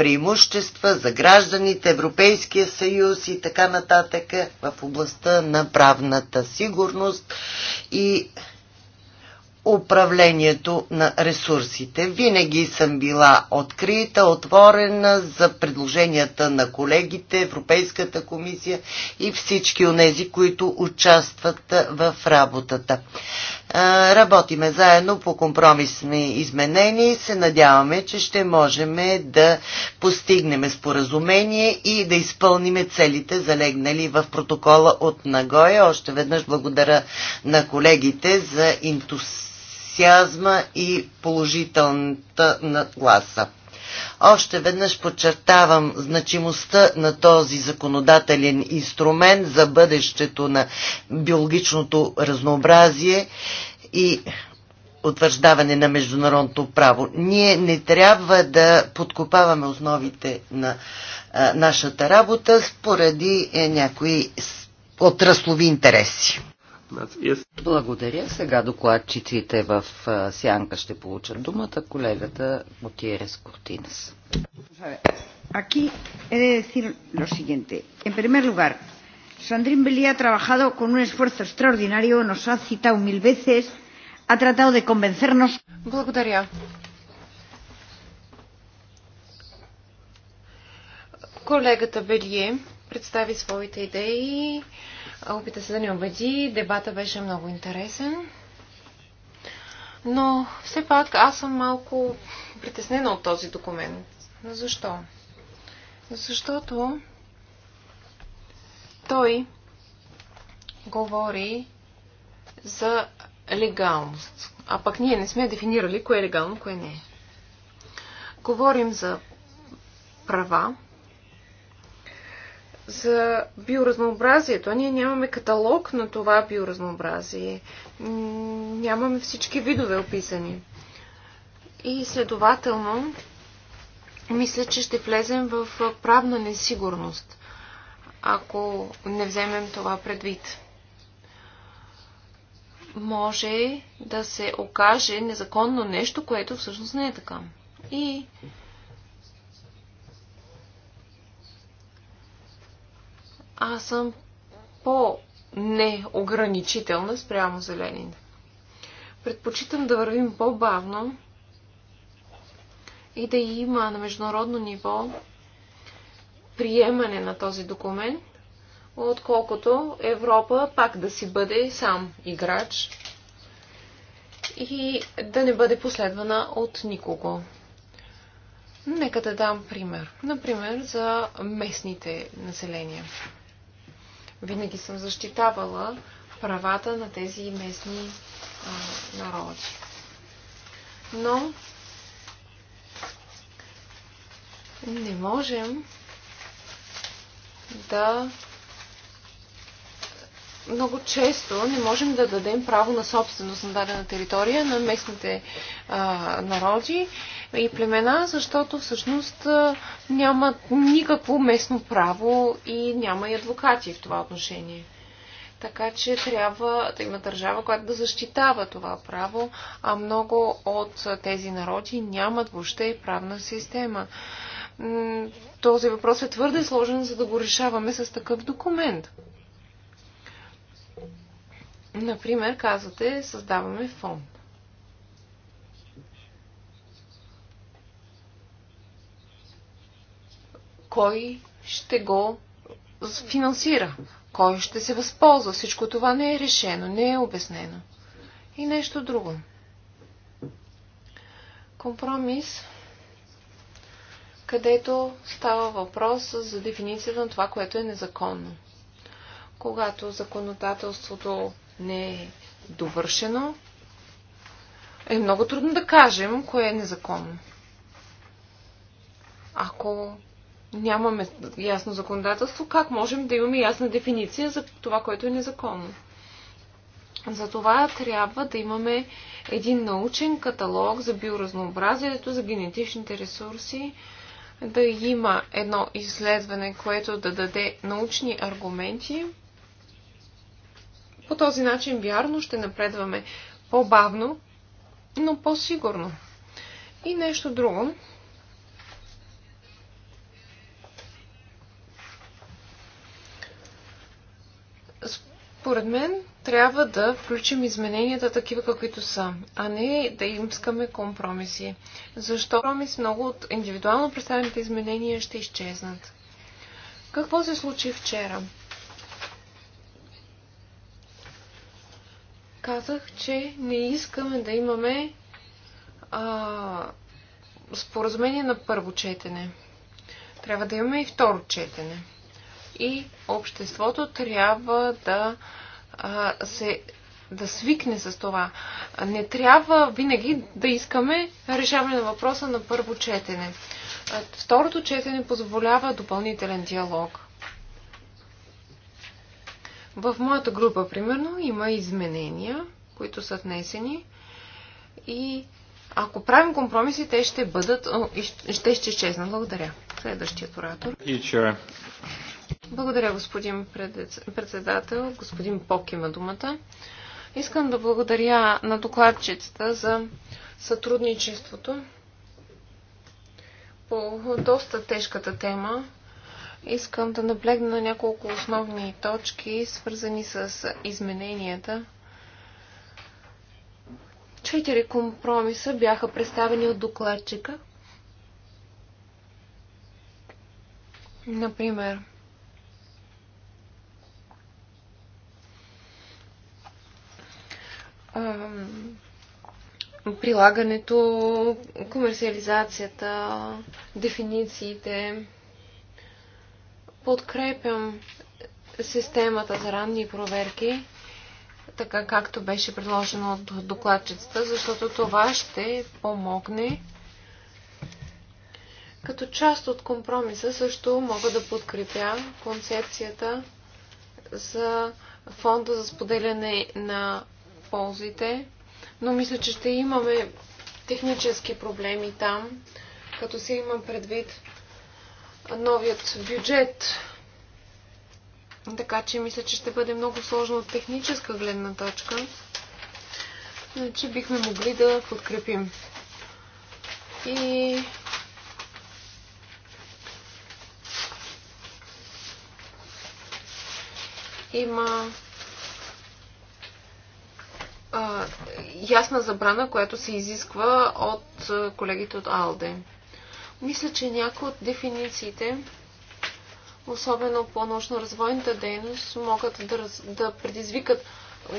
преимущества за гражданите, Европейския съюз и така нататък в областта на правната сигурност и управлението на ресурсите. Винаги съм била открита, отворена за предложенията на колегите, Европейската комисия и всички тези, които участват в работата. Работиме заедно по компромисни изменения и се надяваме, че ще можем да постигнем споразумение и да изпълним целите, залегнали в протокола от Нагоя. Още веднъж благодаря на колегите за ентусиазма и положителната нагласа. Още веднъж подчертавам значимостта на този законодателен инструмент за бъдещето на биологичното разнообразие и утвърждаване на международното право. Ние не трябва да подкопаваме основите на а, нашата работа споради е, някои отраслови интереси. Благодаря. Сега докладчиците в Сянка ще получат думата. Колегата Мотиерес Кортинес. Aquí he de decir lo siguiente. En primer lugar, Sandrine Belli ha trabajado con un esfuerzo extraordinario, nos ha citado mil veces, ha tratado de convencernos. Благодаря. Колегата Белие представи своите идеи, опита се да ни убеди, дебата беше много интересен. Но все пак аз съм малко притеснена от този документ. защо? Защото той говори за легалност. А пък ние не сме дефинирали кое е легално, кое не е. Говорим за права, за биоразнообразието. Ние нямаме каталог на това биоразнообразие. Нямаме всички видове описани. И следователно, мисля, че ще влезем в правна несигурност ако не вземем това предвид. Може да се окаже незаконно нещо, което всъщност не е така. И аз съм по-неограничителна спрямо зелените. Предпочитам да вървим по-бавно и да има на международно ниво приемане на този документ, отколкото Европа пак да си бъде сам играч и да не бъде последвана от никого. Нека да дам пример. Например, за местните населения. Винаги съм защитавала правата на тези местни а, народи. Но не можем да много често не можем да дадем право на собственост на дадена територия на местните а, народи и племена, защото всъщност нямат никакво местно право и няма и адвокати в това отношение. Така че трябва да има държава, която да защитава това право, а много от тези народи нямат въобще правна система този въпрос е твърде сложен, за да го решаваме с такъв документ. Например, казвате, създаваме фонд. Кой ще го финансира? Кой ще се възползва? Всичко това не е решено, не е обяснено. И нещо друго. Компромис където става въпрос за дефиницията на това, което е незаконно. Когато законодателството не е довършено, е много трудно да кажем кое е незаконно. Ако нямаме ясно законодателство, как можем да имаме ясна дефиниция за това, което е незаконно? Затова трябва да имаме един научен каталог за биоразнообразието, за генетичните ресурси, да има едно изследване, което да даде научни аргументи. По този начин вярно ще напредваме по-бавно, но по-сигурно. И нещо друго, Поред мен трябва да включим измененията такива, каквито са, а не да им искаме компромиси. Защо компромис много от индивидуално представените изменения ще изчезнат? Какво се случи вчера? Казах, че не искаме да имаме а, споразумение на първо четене. Трябва да имаме и второ четене и обществото трябва да а, се да свикне с това. Не трябва винаги да искаме решаване на въпроса на първо четене. Второто четене позволява допълнителен диалог. В моята група, примерно, има изменения, които са внесени и ако правим компромиси, те ще бъдат, ще, ще изчезнат. Благодаря. Следващият оратор. Благодаря, господин председател. Господин Пок има думата. Искам да благодаря на докладчицата за сътрудничеството по доста тежката тема. Искам да наблегна на няколко основни точки, свързани с измененията. Четири компромиса бяха представени от докладчика. Например, прилагането, комерциализацията, дефинициите. Подкрепям системата за ранни проверки, така както беше предложено от докладчицата, защото това ще помогне. Като част от компромиса също мога да подкрепя концепцията за фонда за споделяне на ползите, но мисля, че ще имаме технически проблеми там, като се има предвид новият бюджет. Така че мисля, че ще бъде много сложно от техническа гледна точка. Значи бихме могли да подкрепим. И има а, ясна забрана, която се изисква от колегите от АЛДЕ. Мисля, че някои от дефинициите, особено по научно-развойната дейност, могат да, раз, да предизвикат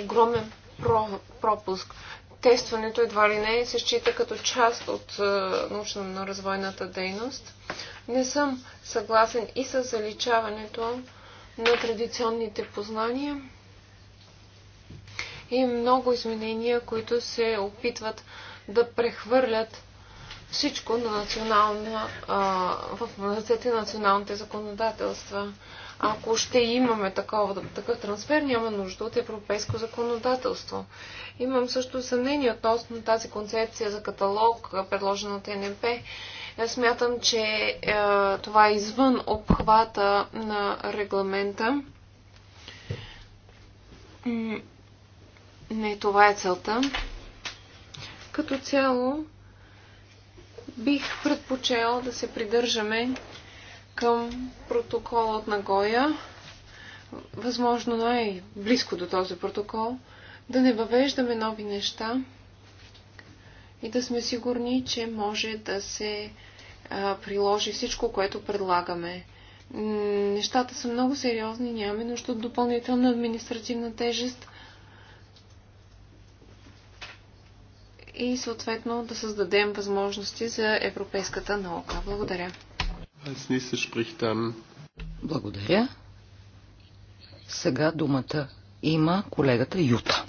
огромен про, пропуск. Тестването едва ли не се счита като част от научно-развойната дейност. Не съм съгласен и с заличаването на традиционните познания и много изменения, които се опитват да прехвърлят всичко на национална, а, в ръцете на националните законодателства. Ако ще имаме такова, такъв трансфер, няма нужда от европейско законодателство. Имам също съмнение относно тази концепция за каталог, предложена от НП. Смятам, че е, това е извън обхвата на регламента. Не, това е целта. Като цяло бих предпочел да се придържаме към протокола от Нагоя, възможно най-близко до този протокол, да не въвеждаме нови неща и да сме сигурни, че може да се а, приложи всичко, което предлагаме. Нещата са много сериозни, нямаме нужда от допълнителна административна тежест и съответно да създадем възможности за европейската наука. Благодаря. Благодаря. Сега думата има колегата Юта.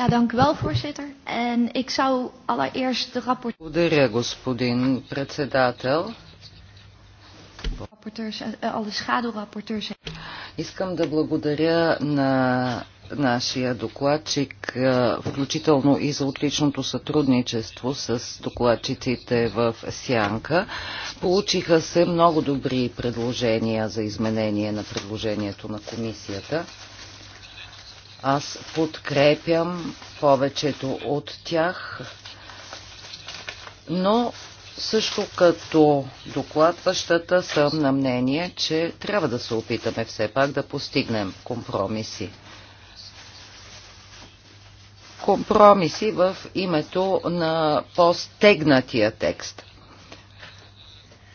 Ja, dank u wel, voorzitter. En ik zou allereerst de rapport... Благодаря, господин председател. Eh, alle schaduwrapporteurs. Искам да благодаря на нашия докладчик, включително и за отличното сътрудничество с докладчиците в Сянка. Получиха се много добри предложения за изменение на предложението на комисията. Аз подкрепям повечето от тях, но също като докладващата съм на мнение, че трябва да се опитаме все пак да постигнем компромиси компромиси в името на по-стегнатия текст.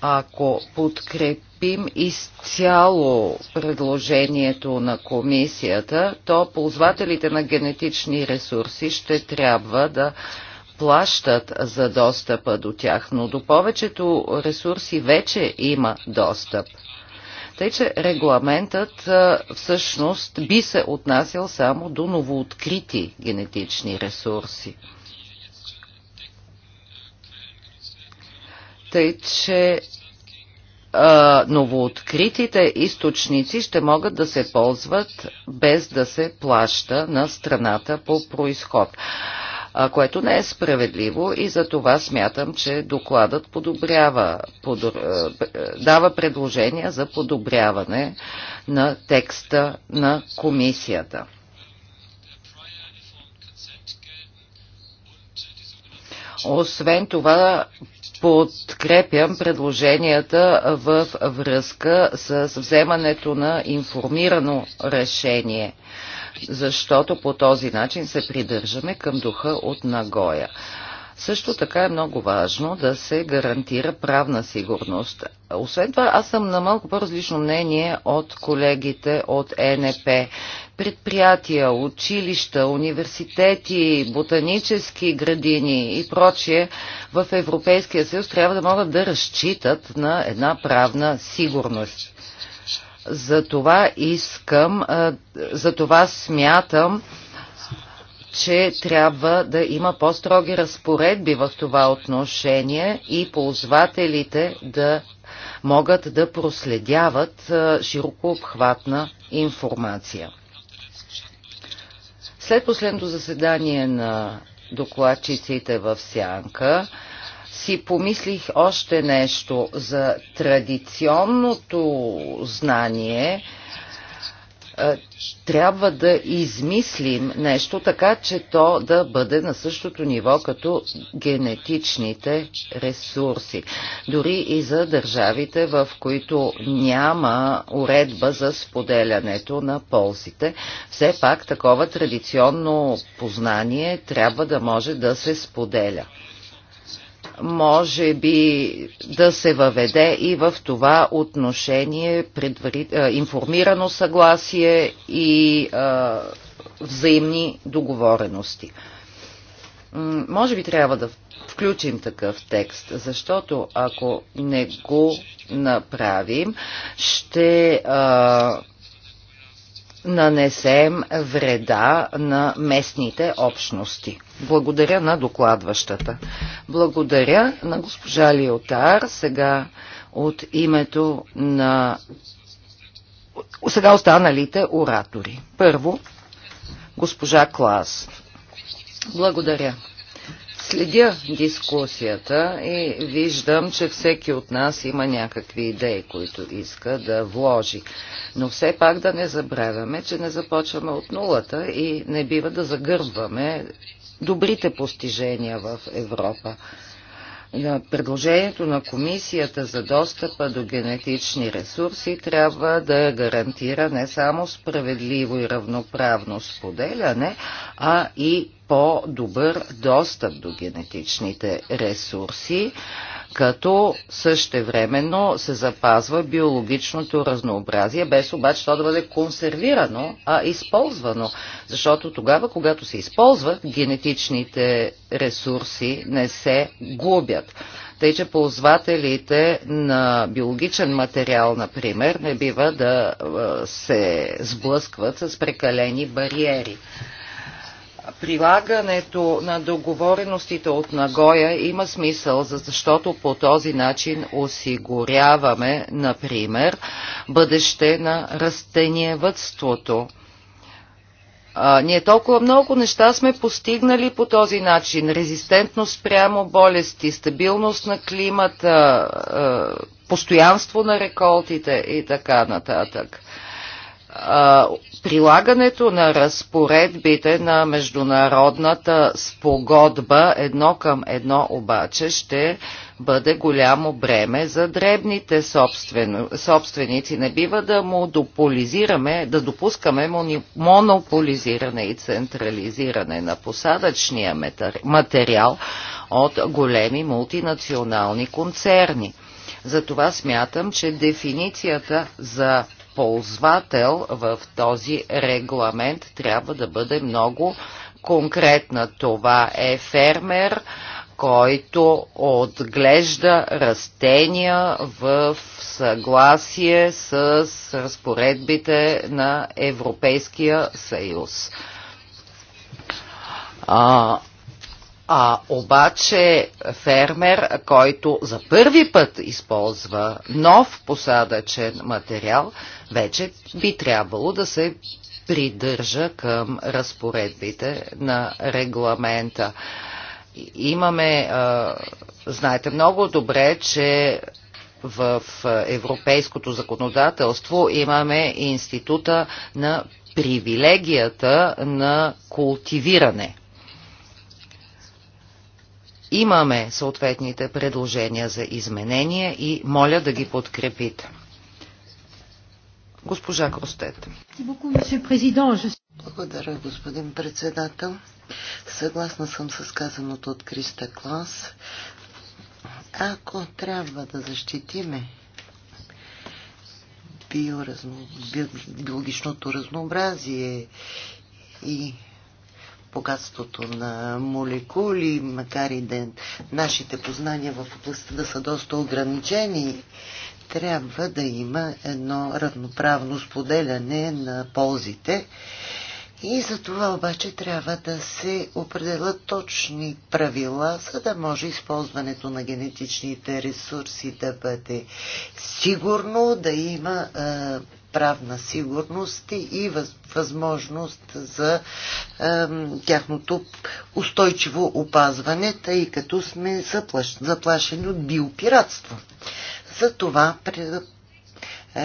Ако подкрепим изцяло предложението на комисията, то ползвателите на генетични ресурси ще трябва да плащат за достъпа до тях, но до повечето ресурси вече има достъп. Тъй, че регламентът всъщност би се отнасял само до новооткрити генетични ресурси. Тъй, че а, новооткритите източници ще могат да се ползват без да се плаща на страната по происход което не е справедливо и за това смятам, че докладът подобрява, подор... дава предложения за подобряване на текста на комисията. Освен това, подкрепям предложенията в връзка с вземането на информирано решение защото по този начин се придържаме към духа от Нагоя. Също така е много важно да се гарантира правна сигурност. Освен това, аз съм на малко по-различно мнение от колегите от НП, Предприятия, училища, университети, ботанически градини и прочие в Европейския съюз трябва да могат да разчитат на една правна сигурност. За това искам, за това смятам, че трябва да има по-строги разпоредби в това отношение и ползвателите да могат да проследяват широко обхватна информация. След последното заседание на докладчиците в Сянка, си помислих още нещо за традиционното знание. Е, трябва да измислим нещо така, че то да бъде на същото ниво като генетичните ресурси. Дори и за държавите, в които няма уредба за споделянето на ползите. Все пак такова традиционно познание трябва да може да се споделя може би да се въведе и в това отношение предвари... информирано съгласие и а, взаимни договорености. Може би трябва да включим такъв текст, защото ако не го направим, ще а, нанесем вреда на местните общности. Благодаря на докладващата. Благодаря на госпожа Лиотар. Сега от името на сега останалите оратори. Първо, госпожа Клас. Благодаря. Следя дискусията и виждам, че всеки от нас има някакви идеи, които иска да вложи. Но все пак да не забравяме, че не започваме от нулата и не бива да загърбваме добрите постижения в Европа. Предложението на комисията за достъпа до генетични ресурси трябва да гарантира не само справедливо и равноправно споделяне, а и по-добър достъп до генетичните ресурси като същевременно се запазва биологичното разнообразие, без обаче то да бъде консервирано, а използвано. Защото тогава, когато се използват, генетичните ресурси не се губят. Тъй, че ползвателите на биологичен материал, например, не бива да се сблъскват с прекалени бариери прилагането на договореностите от Нагоя има смисъл, защото по този начин осигуряваме, например, бъдеще на растениевътството. А, ние толкова много неща сме постигнали по този начин. Резистентност прямо болести, стабилност на климата, постоянство на реколтите и така нататък прилагането на разпоредбите на международната спогодба едно към едно обаче ще бъде голямо бреме за дребните собственици. Не бива да монополизираме, да допускаме монополизиране и централизиране на посадъчния материал от големи мултинационални концерни. Затова смятам, че дефиницията за ползвател в този регламент трябва да бъде много конкретна. Това е фермер, който отглежда растения в съгласие с разпоредбите на Европейския съюз. А, а обаче фермер, който за първи път използва нов посадъчен материал, вече би трябвало да се придържа към разпоредбите на регламента. Имаме, знаете много добре, че в европейското законодателство имаме института на привилегията на култивиране – Имаме съответните предложения за изменения и моля да ги подкрепите. Госпожа Кростет. Благодаря, господин председател. Съгласна съм с казаното от Криста Клас. Ако трябва да защитиме биоразно, биологичното разнообразие и богатството на молекули, макар и да нашите познания в областта да са доста ограничени, трябва да има едно равноправно споделяне на ползите. И за това обаче трябва да се определят точни правила, за да може използването на генетичните ресурси да бъде сигурно, да има правна сигурност и възможност за е, тяхното устойчиво опазване, тъй като сме заплаш, заплашени от биопиратство. Затова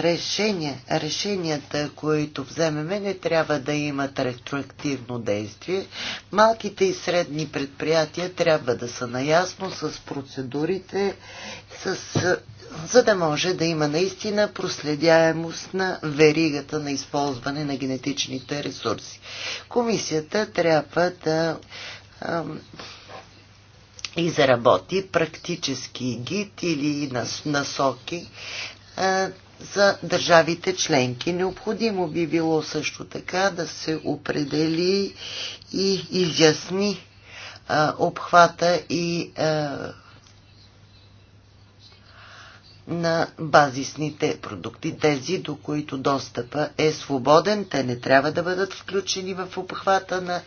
решения, решенията, които вземеме, не трябва да имат ретроактивно действие. Малките и средни предприятия трябва да са наясно с процедурите, с, за да може да има наистина проследяемост на веригата на използване на генетичните ресурси. Комисията трябва да ам, изработи практически гид или насоки за държавите членки. Необходимо би било също така да се определи и изясни а, обхвата и а, на базисните продукти, тези до които достъпа е свободен, те не трябва да бъдат включени в обхвата на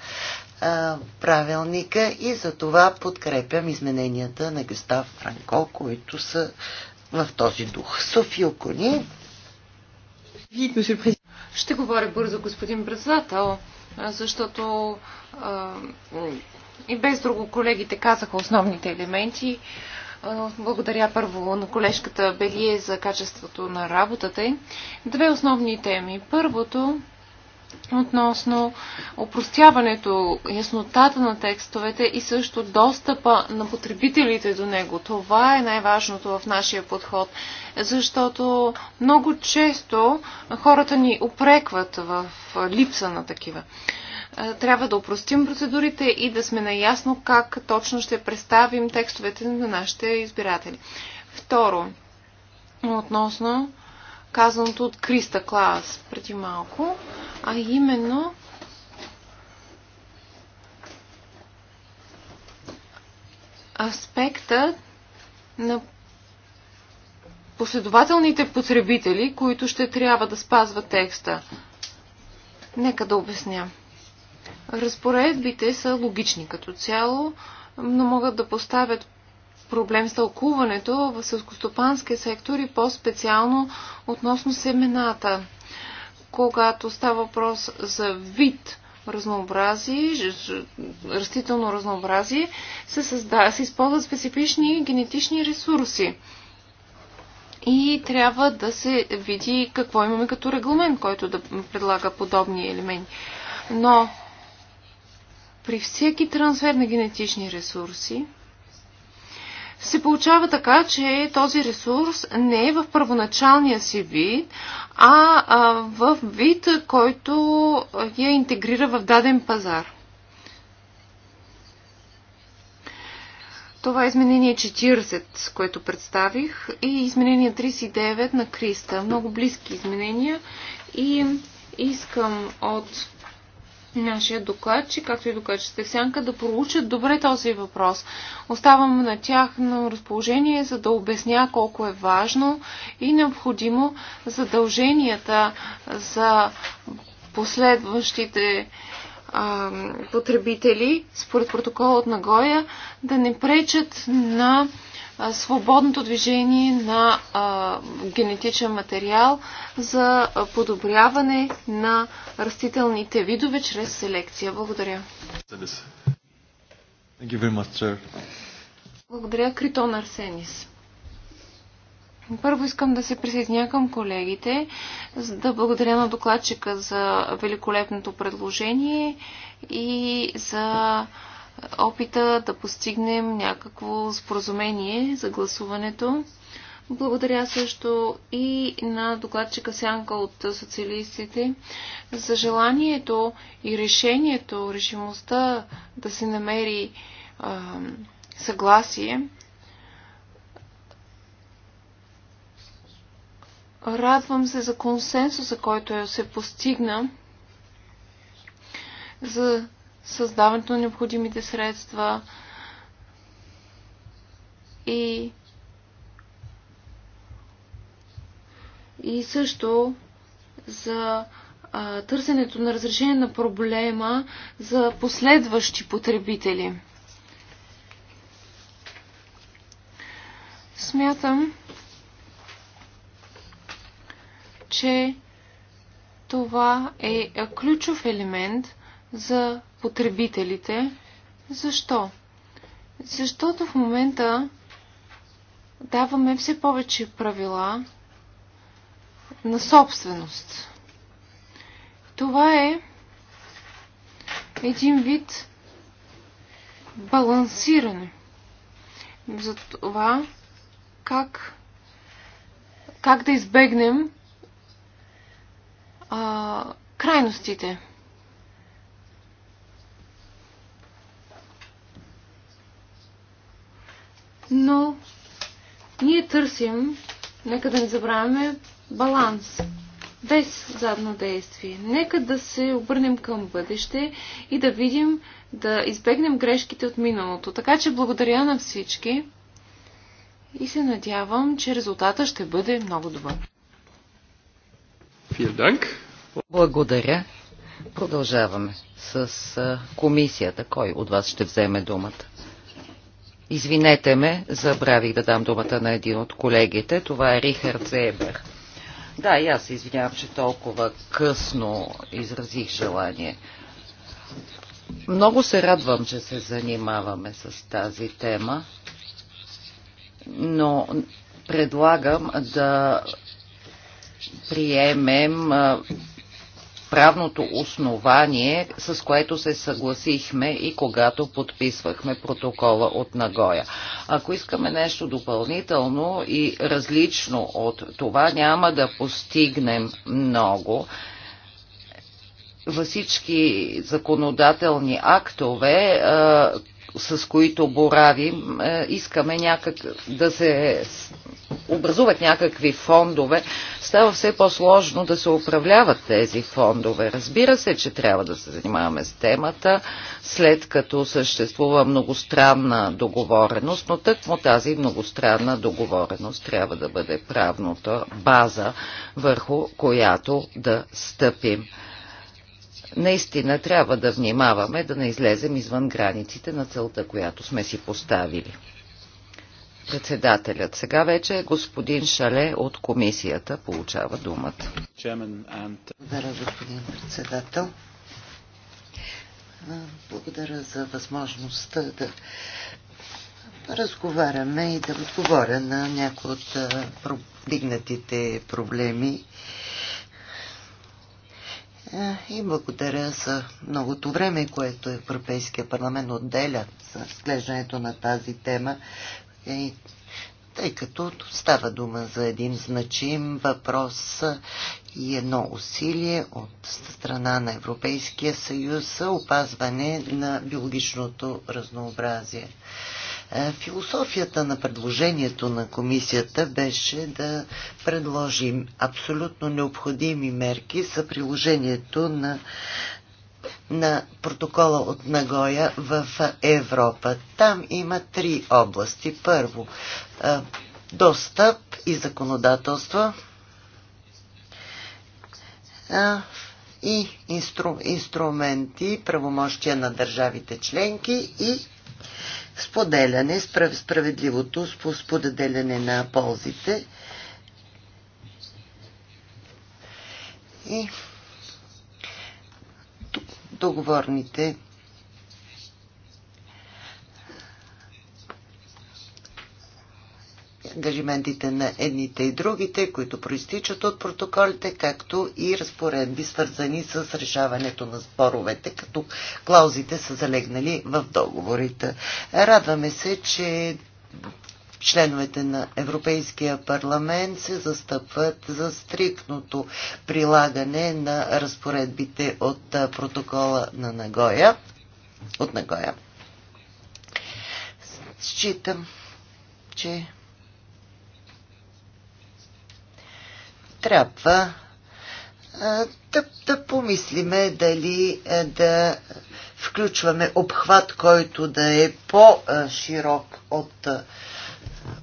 а, правилника и за това подкрепям измененията на Гестав Франко, които са в този дух. София Кони. Ще говоря бързо, господин председател, защото а, и без друго колегите казаха основните елементи. Благодаря първо на колежката Белие за качеството на работата Две основни теми. Първото относно опростяването, яснотата на текстовете и също достъпа на потребителите до него. Това е най-важното в нашия подход, защото много често хората ни опрекват в липса на такива. Е, трябва да опростим процедурите и да сме наясно как точно ще представим текстовете на нашите избиратели. Второ, относно казаното от Криста Клас преди малко, а именно аспекта на последователните потребители, които ще трябва да спазват текста. Нека да обясня. Разпоредбите са логични като цяло, но могат да поставят проблем с тълкуването в селскостопанския сектор и по-специално относно семената. Когато става въпрос за вид разнообразие, растително разнообразие, се, създа, се използват специфични генетични ресурси. И трябва да се види какво имаме като регламент, който да предлага подобни елементи. Но при всеки трансфер на генетични ресурси, се получава така, че този ресурс не е в първоначалния си вид, а, а в вид, който я интегрира в даден пазар. Това е изменение 40, което представих, и изменение 39 на Криста. Много близки изменения и искам от нашия докладчик, както и докладчите в сянка, да проучат добре този въпрос. Оставам на тях на разположение, за да обясня колко е важно и необходимо задълженията за последващите потребители, според протокола от Нагоя, да не пречат на свободното движение на генетичен материал за подобряване на растителните видове чрез селекция. Благодаря. Благодаря, Критон Арсенис. Първо искам да се присъединя към колегите, за да благодаря на докладчика за великолепното предложение и за опита да постигнем някакво споразумение за гласуването. Благодаря също и на докладчика Сянка от социалистите за желанието и решението, решимостта да се намери а, съгласие. Радвам се за консенсуса, който е- се постигна за създаването на необходимите средства и и също за а, търсенето на разрешение на проблема за последващи потребители. Смятам, че това е ключов елемент за потребителите. Защо? Защото в момента даваме все повече правила на собственост. Това е един вид балансиране за това как, как да избегнем а, крайностите. но ние търсим, нека да не забравяме, баланс без задно действие. Нека да се обърнем към бъдеще и да видим, да избегнем грешките от миналото. Така че благодаря на всички и се надявам, че резултата ще бъде много добър. Благодаря. Продължаваме с комисията. Кой от вас ще вземе думата? Извинете ме, забравих да дам думата на един от колегите. Това е Рихард Зебер. Да, и аз се извинявам, че толкова късно изразих желание. Много се радвам, че се занимаваме с тази тема, но предлагам да приемем правното основание, с което се съгласихме и когато подписвахме протокола от Нагоя. Ако искаме нещо допълнително и различно от това, няма да постигнем много във всички законодателни актове, с които боравим, искаме някак да се образуват някакви фондове, става все по-сложно да се управляват тези фондове. Разбира се, че трябва да се занимаваме с темата, след като съществува многостранна договореност, но тъкмо тази многостранна договореност трябва да бъде правната база, върху която да стъпим. Наистина трябва да внимаваме да не излезем извън границите на целта, която сме си поставили. Председателят сега вече господин Шале от комисията получава думата. Благодаря, господин председател. Благодаря за възможността да разговаряме и да отговоря на някои от дигнатите проблеми. И благодаря за многото време, което е Европейския парламент отделя за разглеждането на тази тема, е, тъй като става дума за един значим въпрос и едно усилие от страна на Европейския съюз за опазване на биологичното разнообразие. Е, философията на предложението на комисията беше да предложим абсолютно необходими мерки за приложението на на протокола от Нагоя в Европа. Там има три области. Първо, достъп и законодателство и инстру, инструменти, правомощия на държавите членки и споделяне, справ, справедливото споделяне на ползите. И договорните ангажиментите на едните и другите, които проистичат от протоколите, както и разпоредби, свързани с решаването на споровете, като клаузите са залегнали в договорите. Радваме се, че членовете на Европейския парламент се застъпват за стрикното прилагане на разпоредбите от протокола на Нагоя. От Нагоя. Считам, че трябва да, да помислиме дали да включваме обхват, който да е по-широк от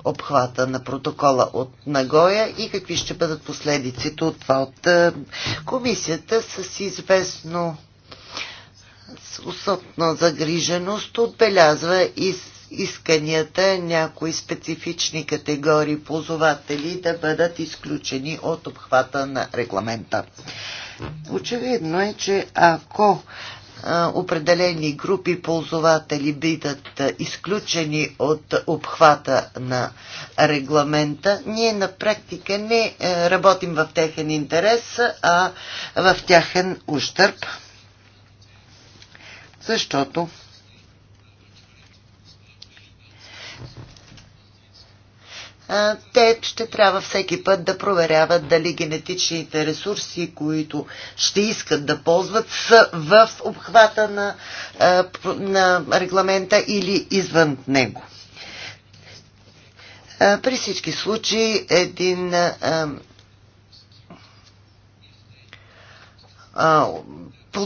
обхвата на протокола от Нагоя и какви ще бъдат последиците от това от е, комисията с известно особна загриженост отбелязва и исканията някои специфични категории ползователи да бъдат изключени от обхвата на регламента. Очевидно е, че ако определени групи ползователи бидат изключени от обхвата на регламента, ние на практика не работим в техен интерес, а в тяхен ущърп, защото те ще трябва всеки път да проверяват дали генетичните ресурси, които ще искат да ползват, са в обхвата на, на регламента или извън него. При всички случаи един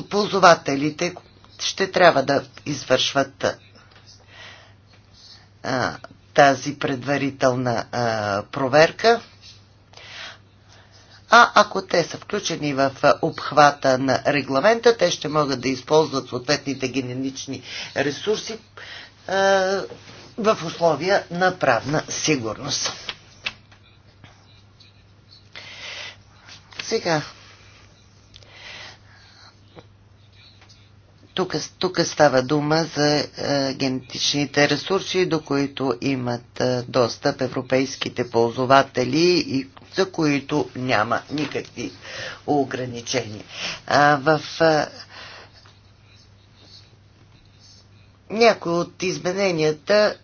ползвателите ще трябва да извършват тази предварителна а, проверка. А ако те са включени в обхвата на регламента, те ще могат да използват съответните генетични ресурси а, в условия на правна сигурност. Сега, Тук, тук става дума за е, генетичните ресурси, до които имат е, достъп европейските ползователи и за които няма никакви ограничения. А, в е, някои от измененията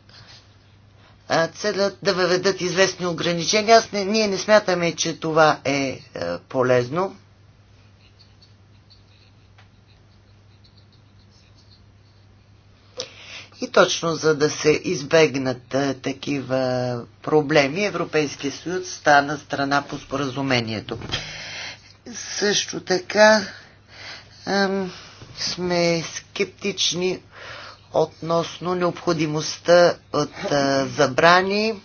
е, целят да въведат известни ограничения. Аз не, ние не смятаме, че това е, е полезно. И точно за да се избегнат такива проблеми, Европейския съюз стана страна по споразумението. Също така ам, сме скептични относно необходимостта от а, забрани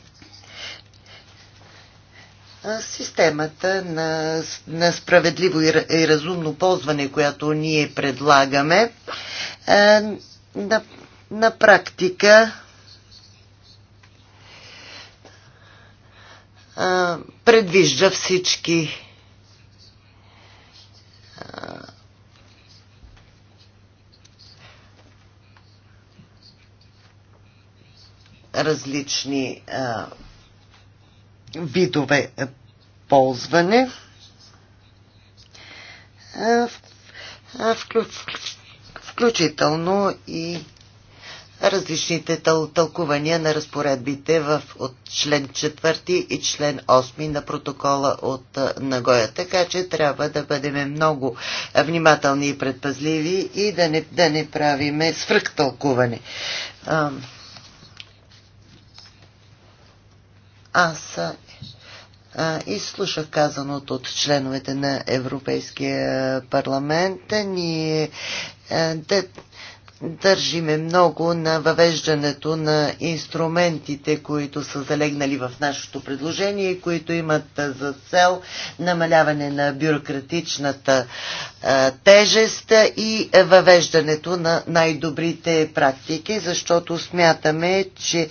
системата на, на справедливо и, разумно ползване, която ние предлагаме, да на практика предвижда всички различни а, видове ползване. А, в, а, включително и различните тъл- тълкувания на разпоредбите в, от член 4 и член 8 на протокола от Нагоя. Така че трябва да бъдем много внимателни и предпазливи и да не, да не правиме свръхтълкуване. Аз и слушах казаното от членовете на Европейския парламент. Ние да, държиме много на въвеждането на инструментите, които са залегнали в нашето предложение и които имат за цел намаляване на бюрократичната тежест и въвеждането на най-добрите практики, защото смятаме, че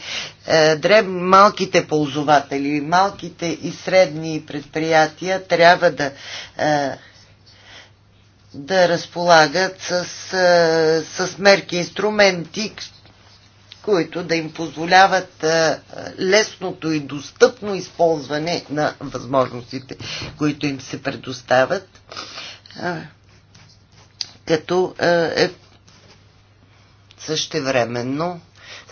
дреб, малките ползователи, малките и средни предприятия трябва да да разполагат с, с мерки, инструменти, които да им позволяват лесното и достъпно използване на възможностите, които им се предоставят, като е същевременно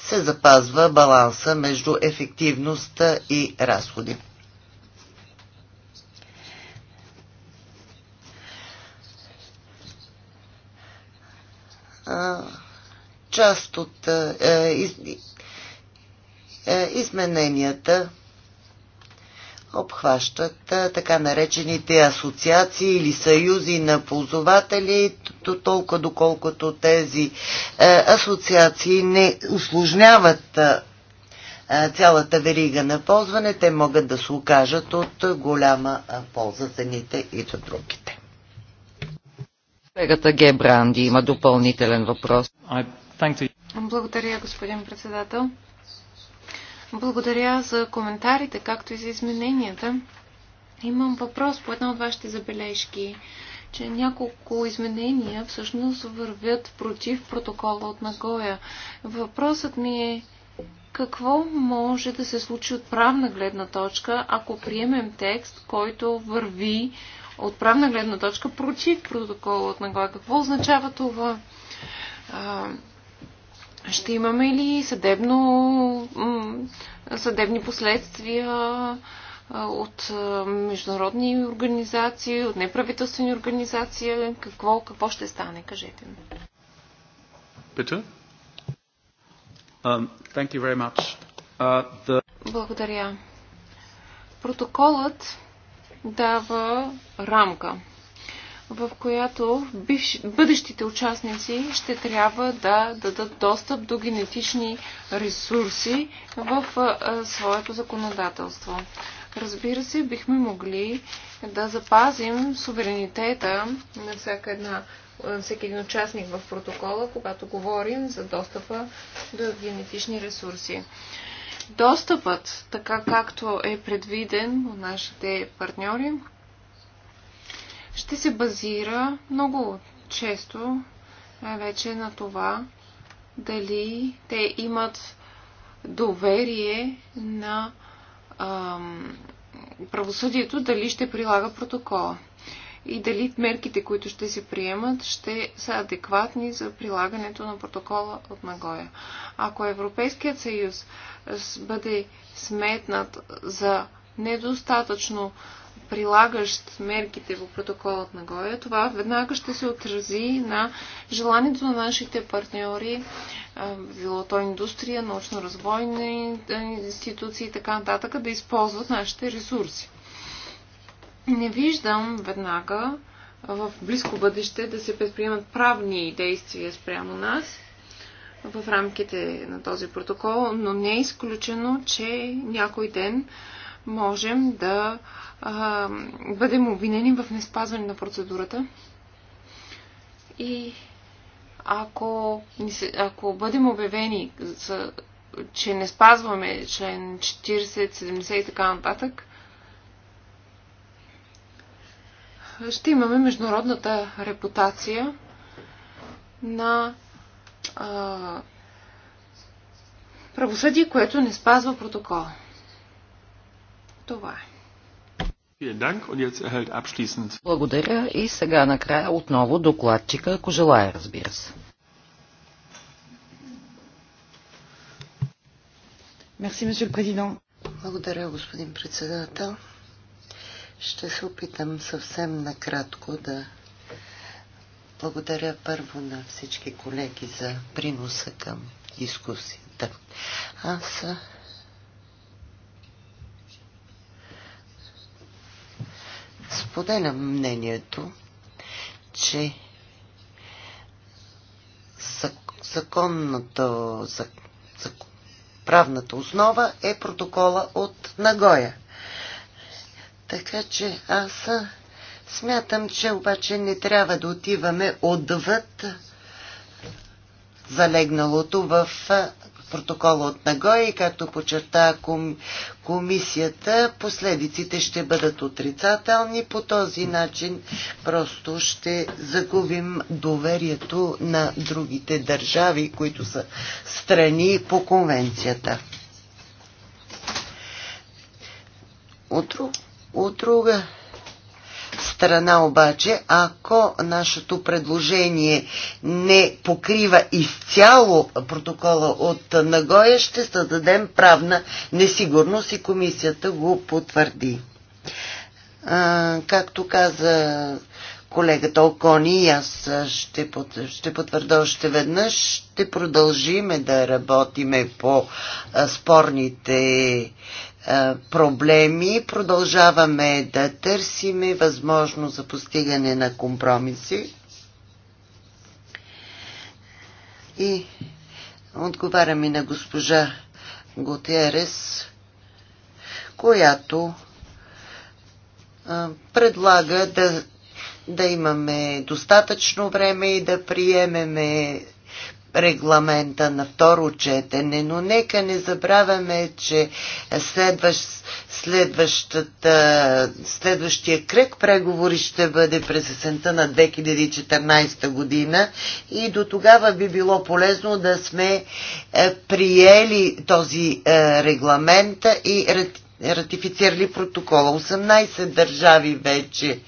се запазва баланса между ефективността и разходи. част от е, е, измененията обхващат така наречените асоциации или съюзи на ползователи, толкова доколкото тези е, асоциации не усложняват цялата верига на ползване, те могат да се окажат от голяма полза за ните и за другите. Колегата Гебранди има допълнителен въпрос. Благодаря, господин председател. Благодаря за коментарите, както и за измененията. Имам въпрос по една от вашите забележки, че няколко изменения всъщност вървят против протокола от Нагоя. Въпросът ми е какво може да се случи от правна гледна точка, ако приемем текст, който върви от правна гледна точка против протокола от Нагоя. Какво означава това? ще имаме ли съдебно, съдебни последствия от международни организации, от неправителствени организации? Какво, какво ще стане? Кажете ми. Питър? Um, Uh, the... Благодаря. Протоколът дава рамка, в която бъдещите участници ще трябва да дадат достъп до генетични ресурси в а, своето законодателство. Разбира се, бихме могли да запазим суверенитета на всяка една всеки един участник в протокола, когато говорим за достъпа до генетични ресурси достъпът, така както е предвиден от нашите партньори, ще се базира много често вече на това дали те имат доверие на ам, правосъдието, дали ще прилага протокола и дали мерките, които ще се приемат, ще са адекватни за прилагането на протокола от Нагоя. Ако Европейският съюз бъде сметнат за недостатъчно прилагащ мерките по протокола от Нагоя, това веднага ще се отрази на желанието на нашите партньори, било то индустрия, научно-развойни институции и така нататък, да използват нашите ресурси не виждам веднага в близко бъдеще да се предприемат правни действия спрямо нас в рамките на този протокол, но не е изключено, че някой ден можем да а, бъдем обвинени в неспазване на процедурата. И ако, ако бъдем обявени, за, че не спазваме член 40, 70 и така нататък, ще имаме международната репутация на а, правосъдие, което не спазва протокола. Това е. Благодаря и сега накрая отново докладчика, ако желая, разбира се. Благодаря, господин председател. Ще се опитам съвсем накратко да благодаря първо на всички колеги за приноса към дискусията. Аз споделям мнението, че законната, правната основа е протокола от Нагоя – така че аз смятам, че обаче не трябва да отиваме отвъд залегналото в протокола от Нагоя и както почерта ком, комисията, последиците ще бъдат отрицателни. По този начин просто ще загубим доверието на другите държави, които са страни по конвенцията. От друг, от друга страна обаче, ако нашето предложение не покрива изцяло протокола от Нагоя, ще създадем правна несигурност и комисията го потвърди. А, както каза колегата Окони, аз ще, ще потвърда още веднъж, ще продължиме да работиме по а, спорните е, проблеми. Продължаваме да търсиме възможност за постигане на компромиси. И отговарям и на госпожа Готерес, която е, предлага да, да имаме достатъчно време и да приемеме регламента на второ четене, но нека не забравяме, че следващ, следващата, следващия кръг преговори ще бъде през есента на 2014 година и до тогава би било полезно да сме е, приели този е, регламент и ратифицирали протокола. 18 държави вече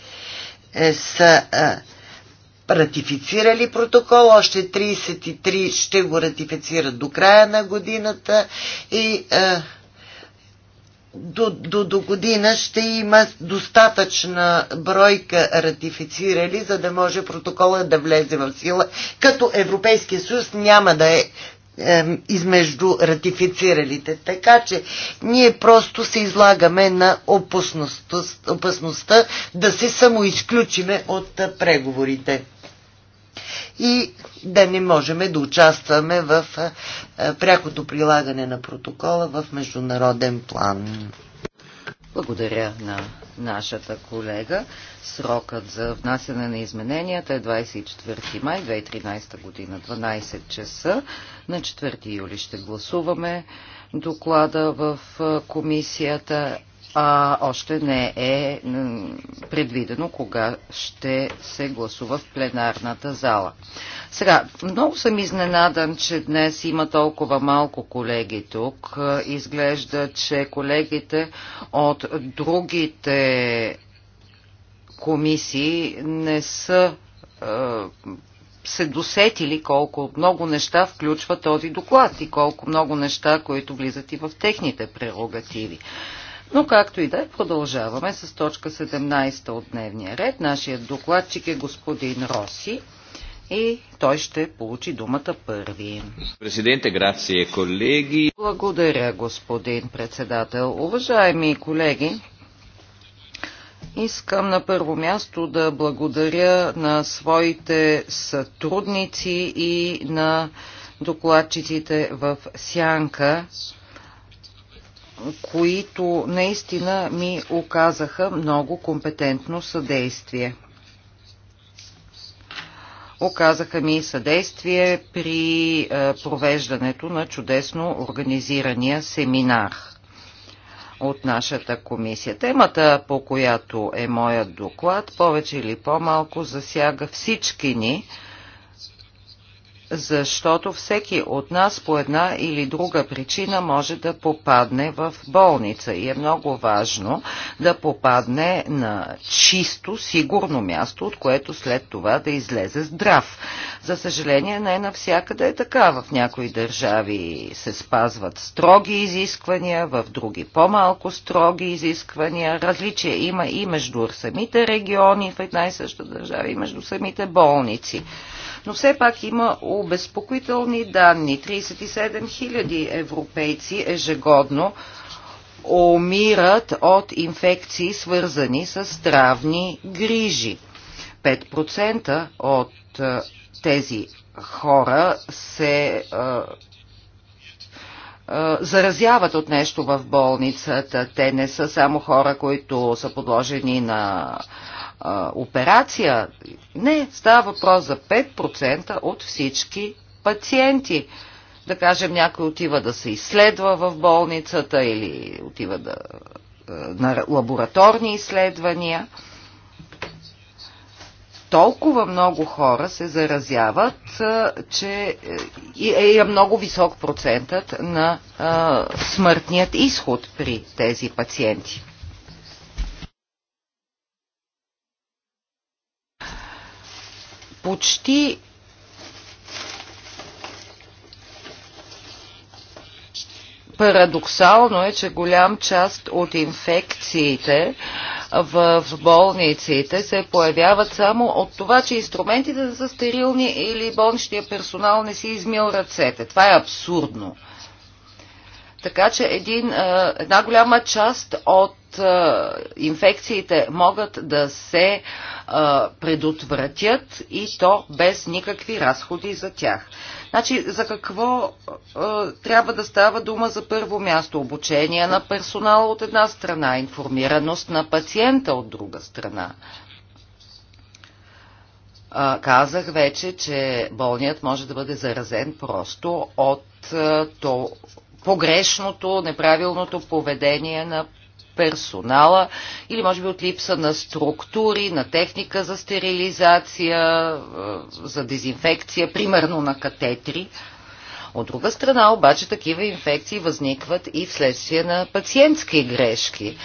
е, са ратифицирали протокол, още 33 ще го ратифицират до края на годината и а, е, до, до, до година ще има достатъчна бройка ратифицирали, за да може протокола да влезе в сила, като Европейския съюз няма да е, е измежду ратифициралите. Така че ние просто се излагаме на опасността, опасността да се самоизключиме от преговорите и да не можем да участваме в прякото прилагане на протокола в международен план. Благодаря на нашата колега. Срокът за внасяне на измененията е 24 май 2013 година, 12 часа. На 4 юли ще гласуваме доклада в комисията а още не е предвидено кога ще се гласува в пленарната зала. Сега, много съм изненадан, че днес има толкова малко колеги тук. Изглежда, че колегите от другите комисии не са се досетили колко много неща включва този доклад и колко много неща, които влизат и в техните прерогативи. Но както и да е, продължаваме с точка 17 от дневния ред. Нашият докладчик е господин Роси и той ще получи думата първи. Президенте, грация, колеги. Благодаря, господин председател. Уважаеми колеги, Искам на първо място да благодаря на своите сътрудници и на докладчиците в Сянка които наистина ми оказаха много компетентно съдействие. Оказаха ми съдействие при е, провеждането на чудесно организирания семинар от нашата комисия. Темата, по която е моят доклад, повече или по-малко засяга всички ни, защото всеки от нас по една или друга причина може да попадне в болница и е много важно да попадне на чисто, сигурно място, от което след това да излезе здрав. За съжаление, не навсякъде е така. В някои държави се спазват строги изисквания, в други по-малко строги изисквания. Различия има и между самите региони в една и съща държава, и между самите болници но все пак има обезпокоителни данни. 37 000 европейци ежегодно умират от инфекции, свързани с травни грижи. 5% от е, тези хора се а, е, а, е, заразяват от нещо в болницата. Те не са само хора, които са подложени на а, операция. Не, става въпрос за 5% от всички пациенти. Да кажем, някой отива да се изследва в болницата или отива да, на лабораторни изследвания. Толкова много хора се заразяват, че е, е, е много висок процентът на смъртният изход при тези пациенти. почти Парадоксално е, че голям част от инфекциите в болниците се появяват само от това, че инструментите са стерилни или болничният персонал не си измил ръцете. Това е абсурдно. Така че един, една голяма част от инфекциите могат да се предотвратят и то без никакви разходи за тях. Значи, за какво трябва да става дума за първо място? Обучение на персонала от една страна, информираност на пациента от друга страна. Казах вече, че болният може да бъде заразен просто от то, погрешното, неправилното поведение на персонала или може би от липса на структури, на техника за стерилизация, е, за дезинфекция, примерно на катетри. От друга страна обаче такива инфекции възникват и вследствие на пациентски грешки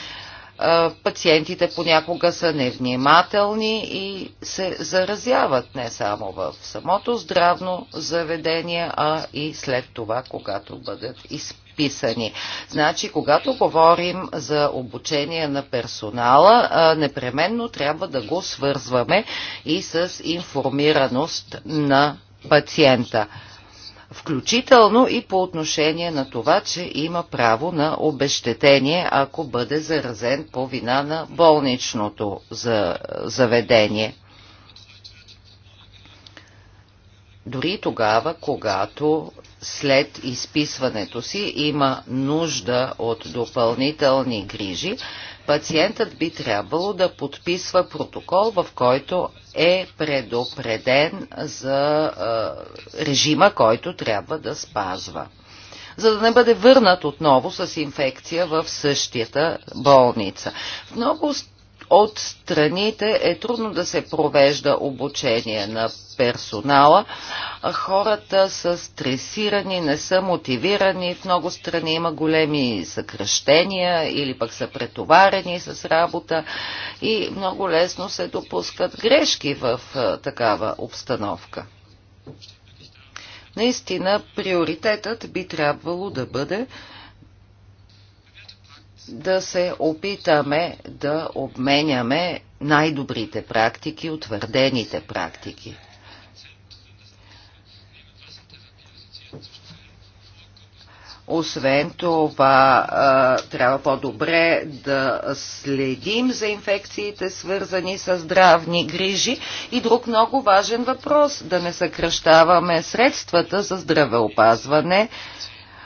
пациентите понякога са невнимателни и се заразяват не само в самото здравно заведение, а и след това, когато бъдат изписани. Значи, когато говорим за обучение на персонала, непременно трябва да го свързваме и с информираност на пациента включително и по отношение на това, че има право на обещетение, ако бъде заразен по вина на болничното заведение. Дори тогава, когато след изписването си има нужда от допълнителни грижи, пациентът би трябвало да подписва протокол, в който е предупреден за режима, който трябва да спазва за да не бъде върнат отново с инфекция в същията болница. В много от страните е трудно да се провежда обучение на персонала. Хората са стресирани, не са мотивирани. В много страни има големи съкръщения или пък са претоварени с работа и много лесно се допускат грешки в такава обстановка. Наистина, приоритетът би трябвало да бъде да се опитаме да обменяме най-добрите практики, утвърдените практики. Освен това, трябва по-добре да следим за инфекциите, свързани с здравни грижи. И друг много важен въпрос – да не съкръщаваме средствата за здравеопазване,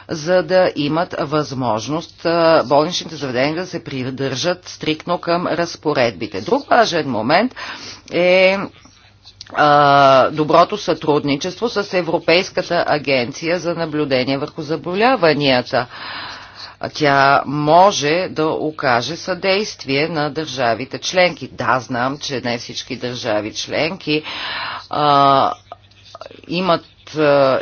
за да имат възможност болничните заведения да се придържат стрикно към разпоредбите. Друг важен момент е доброто сътрудничество с Европейската агенция за наблюдение върху заболяванията. Тя може да окаже съдействие на държавите членки. Да, знам, че не всички държави членки а, имат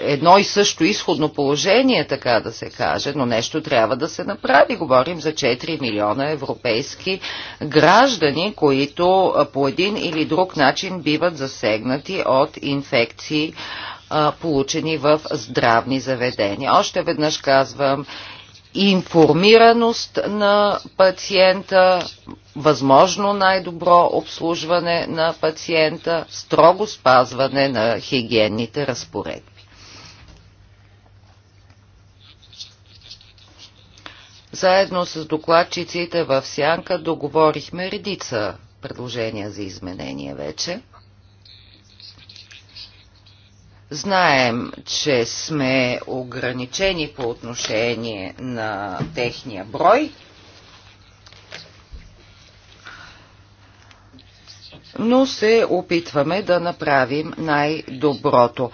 едно и също изходно положение, така да се каже, но нещо трябва да се направи. Говорим за 4 милиона европейски граждани, които по един или друг начин биват засегнати от инфекции получени в здравни заведения. Още веднъж казвам, информираност на пациента, възможно най-добро обслужване на пациента, строго спазване на хигиенните разпоредби. Заедно с докладчиците в Сянка договорихме редица предложения за изменения вече – Знаем, че сме ограничени по отношение на техния брой. но се опитваме да направим най-доброто.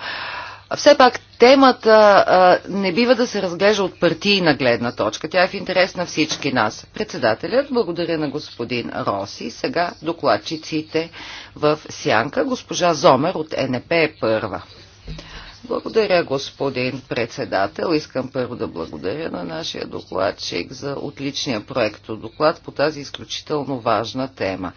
Все пак темата а, не бива да се разглежда от партийна гледна точка. Тя е в интерес на всички нас. Председателят, благодаря на господин Роси. Сега докладчиците в Сянка. Госпожа Зомер от НП е първа. Благодаря, господин председател. Искам първо да благодаря на нашия докладчик за отличния проект от доклад по тази изключително важна тема.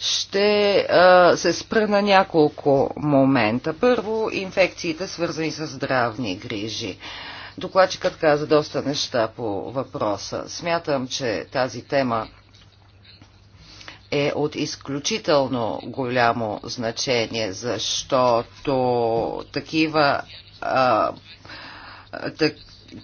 Ще а, се спра на няколко момента. Първо, инфекциите, свързани с здравни грижи. Докладчикът каза доста неща по въпроса. Смятам, че тази тема е от изключително голямо значение, защото такива, а, так,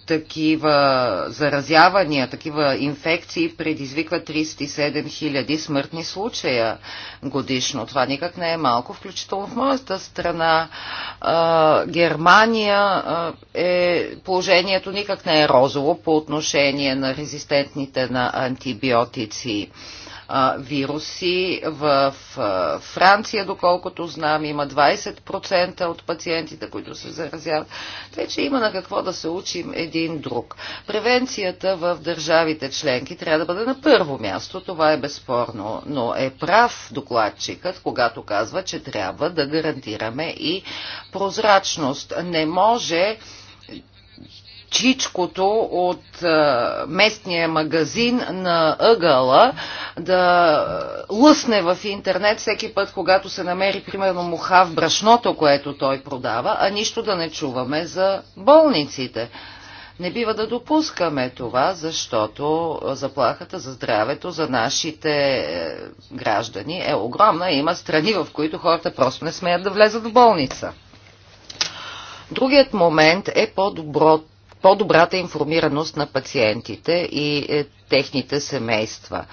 такива заразявания, такива инфекции предизвикват 37 000 смъртни случая годишно. Това никак не е малко, включително в моята страна. А, Германия а, е, положението никак не е розово по отношение на резистентните на антибиотици а, вируси. В а, Франция, доколкото знам, има 20% от пациентите, които се заразяват. Тъй, че има на какво да се учим един друг. Превенцията в държавите членки трябва да бъде на първо място, това е безспорно, но е прав докладчикът, когато казва, че трябва да гарантираме и прозрачност. Не може чичкото от а, е, местния магазин на ъгъла да лъсне в интернет всеки път, когато се намери примерно муха в брашното, което той продава, а нищо да не чуваме за болниците. Не бива да допускаме това, защото заплахата за здравето за нашите е, граждани е огромна. Има страни, в които хората просто не смеят да влезат в болница. Другият момент е по-доброто по-добрата информираност на пациентите и е, техните семейства.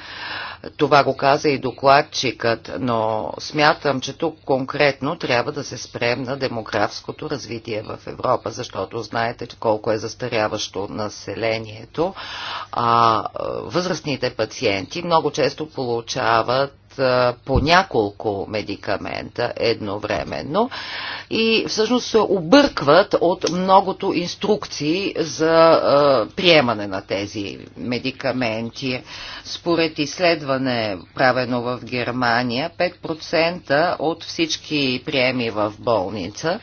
Това го каза и докладчикът, но смятам, че тук конкретно трябва да се спрем на демографското развитие в Европа, защото знаете колко е застаряващо населението. А е, възрастните пациенти много често получават по няколко медикамента едновременно и всъщност се объркват от многото инструкции за приемане на тези медикаменти. Според изследване, правено в Германия, 5% от всички приеми в болница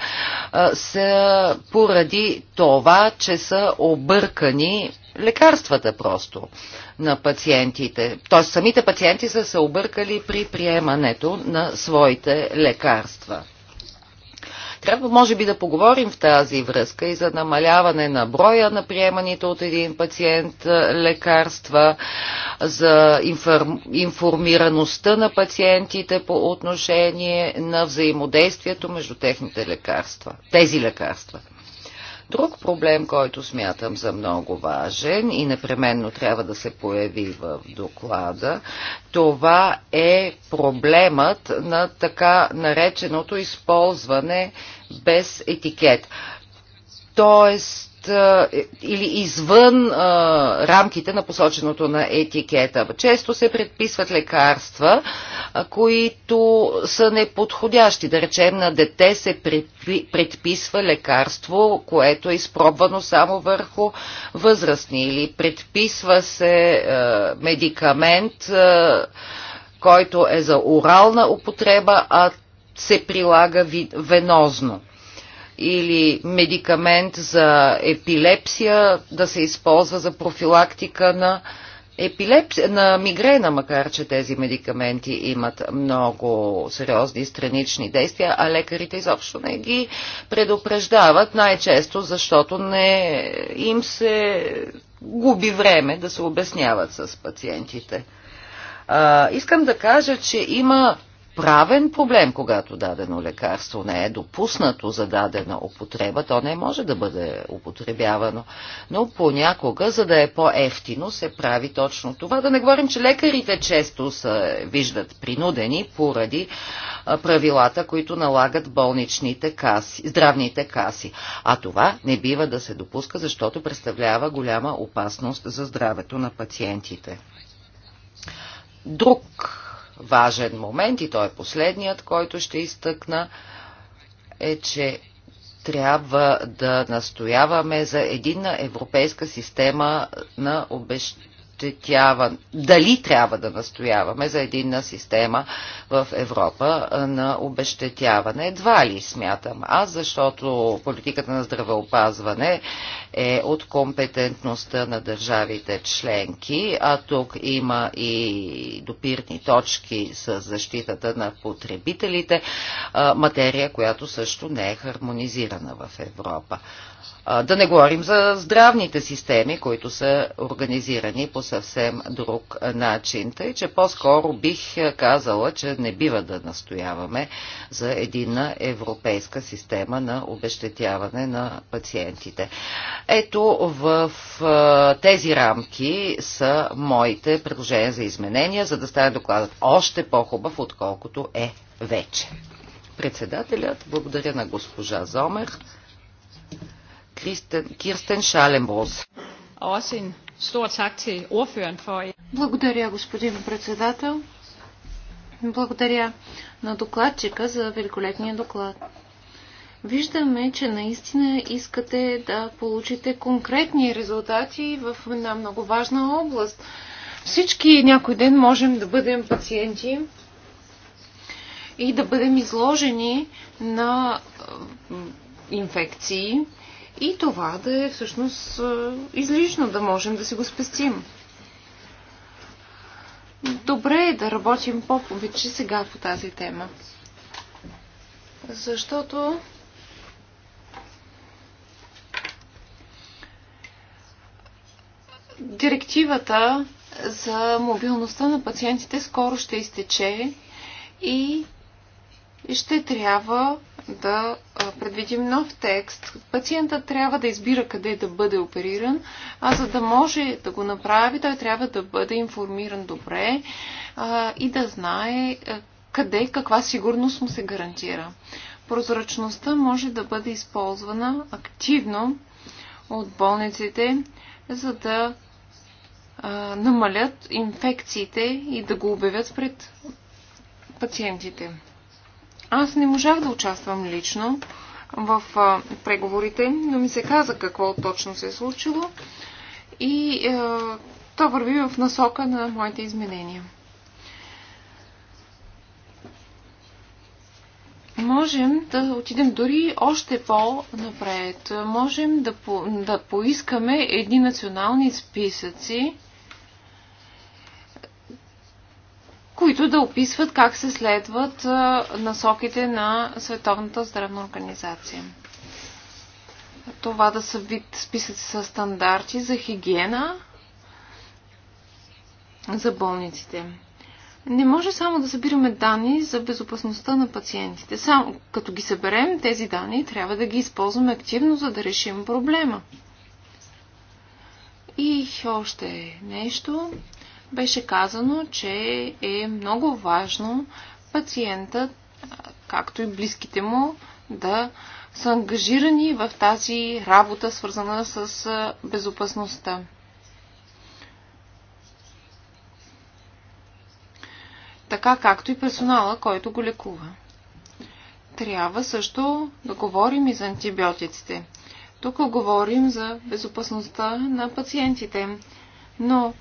са поради това, че са объркани лекарствата просто на пациентите. Тоест самите пациенти са се объркали при приемането на своите лекарства. Трябва, може би, да поговорим в тази връзка и за намаляване на броя на приеманите от един пациент лекарства, за информираността на пациентите по отношение на взаимодействието между техните лекарства, тези лекарства. Друг проблем, който смятам за много важен и непременно трябва да се появи в доклада, това е проблемът на така нареченото използване без етикет. Тоест, е, или извън е, рамките на посоченото на етикета. Често се предписват лекарства, е, които са неподходящи. Да речем на дете се предписва лекарство, което е изпробвано само върху възрастни или предписва се медикамент, който е за орална употреба, а се прилага венозно или медикамент за епилепсия да се използва за профилактика на, епилепси... на мигрена, макар че тези медикаменти имат много сериозни странични действия, а лекарите изобщо не ги предупреждават, най-често защото не им се губи време да се обясняват с пациентите. А, искам да кажа, че има правен проблем, когато дадено лекарство не е допуснато за дадена употреба, то не може да бъде употребявано. Но понякога, за да е по-ефтино, се прави точно това. Да не говорим, че лекарите често се виждат принудени поради правилата, които налагат болничните каси, здравните каси. А това не бива да се допуска, защото представлява голяма опасност за здравето на пациентите. Друг важен момент и той е последният, който ще изтъкна, е, че трябва да настояваме за единна европейска система на обещания настоява, дали трябва да настояваме за единна система в Европа на обещетяване. Едва ли смятам аз, защото политиката на здравеопазване е от компетентността на държавите членки, а тук има и допирни точки с защитата на потребителите, материя, която също не е хармонизирана в Европа. Да не говорим за здравните системи, които са организирани по съвсем друг начин. Тъй, че по-скоро бих казала, че не бива да настояваме за едина европейска система на обещетяване на пациентите. Ето в тези рамки са моите предложения за изменения, за да стане докладът още по-хубав, отколкото е вече. Председателят, благодаря на госпожа Зомер. Кирстен Шаленброс. Благодаря, господин председател. Благодаря на докладчика за великолепния доклад. Виждаме, че наистина искате да получите конкретни резултати в една много важна област. Всички някой ден можем да бъдем пациенти и да бъдем изложени на инфекции, и това да е всъщност излишно, да можем да си го спестим. Добре е да работим по-повече сега по тази тема. Защото директивата за мобилността на пациентите скоро ще изтече и ще трябва да предвидим нов текст. Пациентът трябва да избира къде да бъде опериран, а за да може да го направи, той трябва да бъде информиран добре и да знае къде и каква сигурност му се гарантира. Прозрачността може да бъде използвана активно от болниците, за да а, намалят инфекциите и да го обявят пред пациентите. Аз не можах да участвам лично в а, преговорите, но ми се каза какво точно се е случило и а, то върви в насока на моите изменения. Можем да отидем дори още по-напред. Можем да, по, да поискаме едни национални списъци които да описват как се следват насоките на Световната здравна организация. Това да са вид списъци с стандарти за хигиена за болниците. Не може само да събираме данни за безопасността на пациентите. Само като ги съберем, тези данни трябва да ги използваме активно, за да решим проблема. И още нещо беше казано, че е много важно пациента, както и близките му, да са ангажирани в тази работа, свързана с безопасността. Така както и персонала, който го лекува. Трябва също да говорим и за антибиотиците. Тук говорим за безопасността на пациентите. Но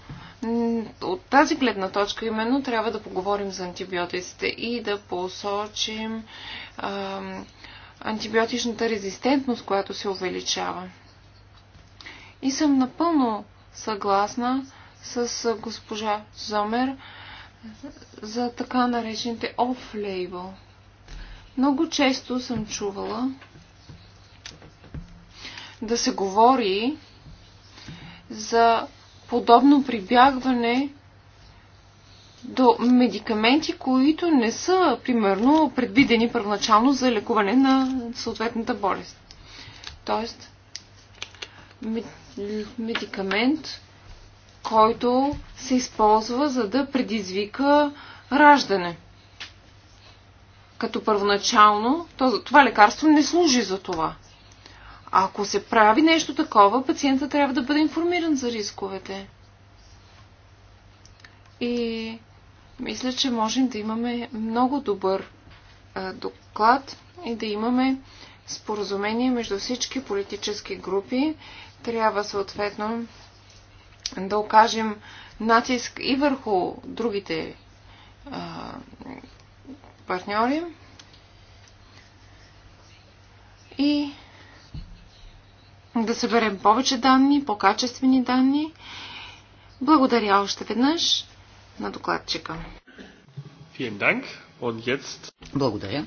от тази гледна точка именно трябва да поговорим за антибиотиците и да посочим а, антибиотичната резистентност, която се увеличава. И съм напълно съгласна с госпожа Зомер за така наречените off-label. Много често съм чувала да се говори за подобно прибягване до медикаменти, които не са, примерно, предвидени първоначално за лекуване на съответната болест. Тоест, медикамент, който се използва за да предизвика раждане. Като първоначално това лекарство не служи за това. Ако се прави нещо такова, пациента трябва да бъде информиран за рисковете. И мисля, че можем да имаме много добър а, доклад и да имаме споразумение между всички политически групи. Трябва съответно да окажем натиск и върху другите а, партньори. И да съберем повече данни, по-качествени данни. Благодаря още веднъж на докладчика. Благодаря.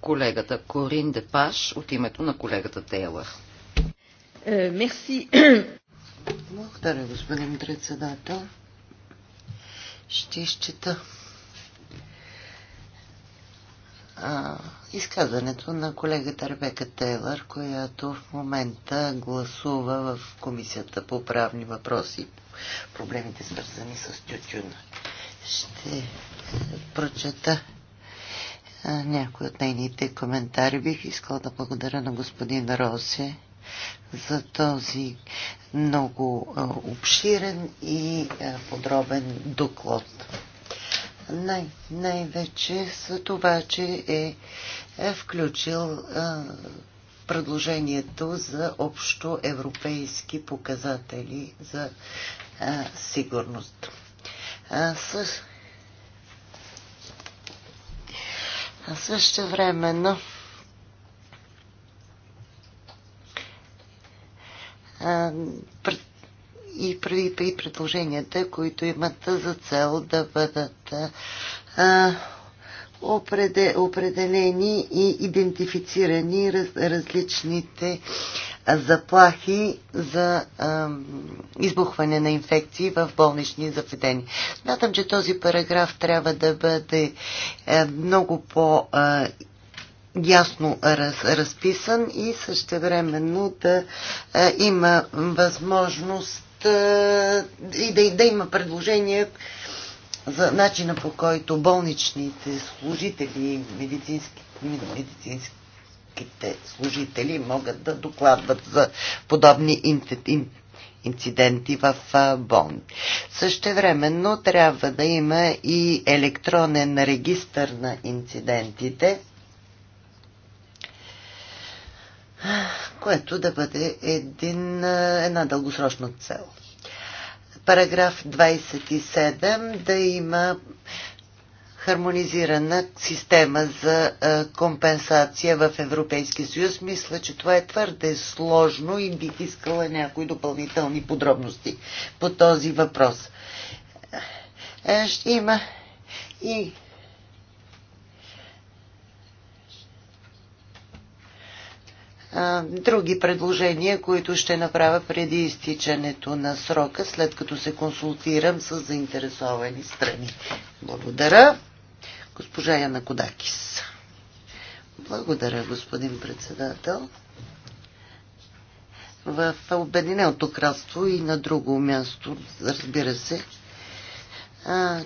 Колегата Корин Депаш от името на колегата Тейлър. Е, мерси. Благодаря, господин председател. Ще изчета а, изказването на колегата Ребека Тейлър, която в момента гласува в Комисията по правни въпроси проблемите свързани с тютюна. Ще прочета някои от нейните коментари. Бих искала да благодаря на господин Росе за този много обширен и подробен доклад най- най-вече за това, че е, е включил а, предложението за общо европейски показатели за а, сигурност. А, със... а също времено а, пред и при, при предложенията, които имат за цел да бъдат а, определени и идентифицирани раз, различните заплахи за а, избухване на инфекции в болнични заведения. Смятам, че този параграф трябва да бъде а, много по- а, ясно раз, разписан и същевременно да а, има възможност е, и да, да има предложения за начина по който болничните служители, медицински, медицинските служители могат да докладват за подобни инциденти в болни. Същевременно трябва да има и електронен регистър на инцидентите, което да бъде един, една дългосрочна цел. Параграф 27 да има хармонизирана система за компенсация в Европейския съюз. Мисля, че това е твърде сложно и бих искала някои допълнителни подробности по този въпрос. Е, ще има и други предложения, които ще направя преди изтичането на срока, след като се консултирам с заинтересовани страни. Благодаря. Госпожа Яна Кодакис. Благодаря, господин председател. В Обединеното кралство и на друго място, разбира се,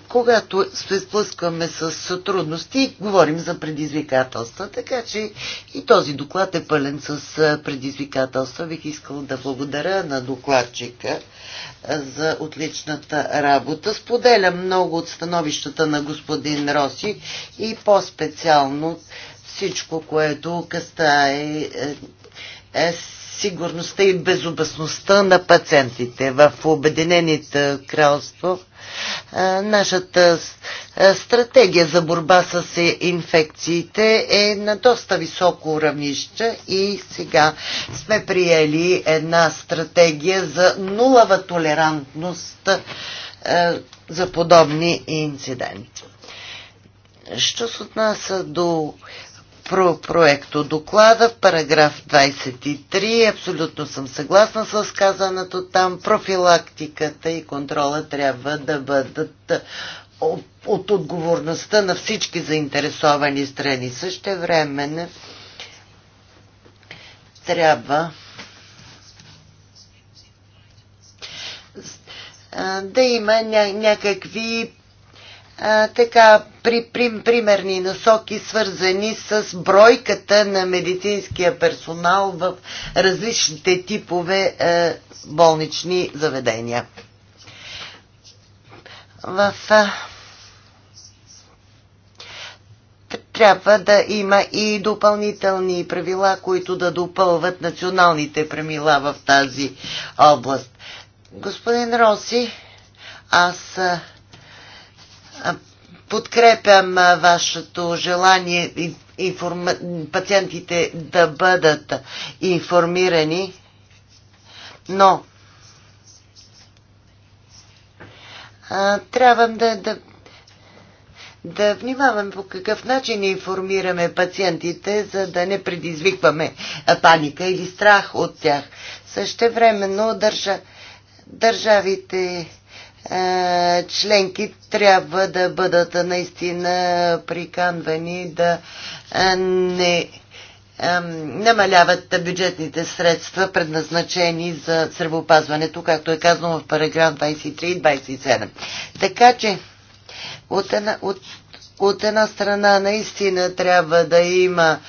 когато се сблъскваме с трудности, говорим за предизвикателства. Така че и този доклад е пълен с предизвикателства. Бих искала да благодаря на докладчика за отличната работа. Споделям много от становищата на господин Роси и по-специално всичко, което е. е сигурността и безопасността на пациентите. В Обединените кралство нашата стратегия за борба с е, инфекциите е на доста високо равнище и сега сме приели една стратегия за нулава толерантност за подобни инциденти. Що се отнася до про проекто доклада, параграф 23. Абсолютно съм съгласна с казаното там. Профилактиката и контрола трябва да бъдат от отговорността на всички заинтересовани страни. Също време трябва да има ня- някакви така при, при, примерни насоки, свързани с бройката на медицинския персонал в различните типове е, болнични заведения. В, е, трябва да има и допълнителни правила, които да допълват националните правила в тази област. Господин Роси, аз. Е, подкрепям вашето желание информа... пациентите да бъдат информирани, но а, трябва да, да, да внимаваме по какъв начин информираме пациентите, за да не предизвикваме паника или страх от тях. Същевременно държа, държавите е, членки трябва да бъдат наистина приканвани да е, не е, намаляват бюджетните средства, предназначени за здравеопазването, както е казано в параграф 23 и 27. Така че, от една, от, от една страна наистина трябва да има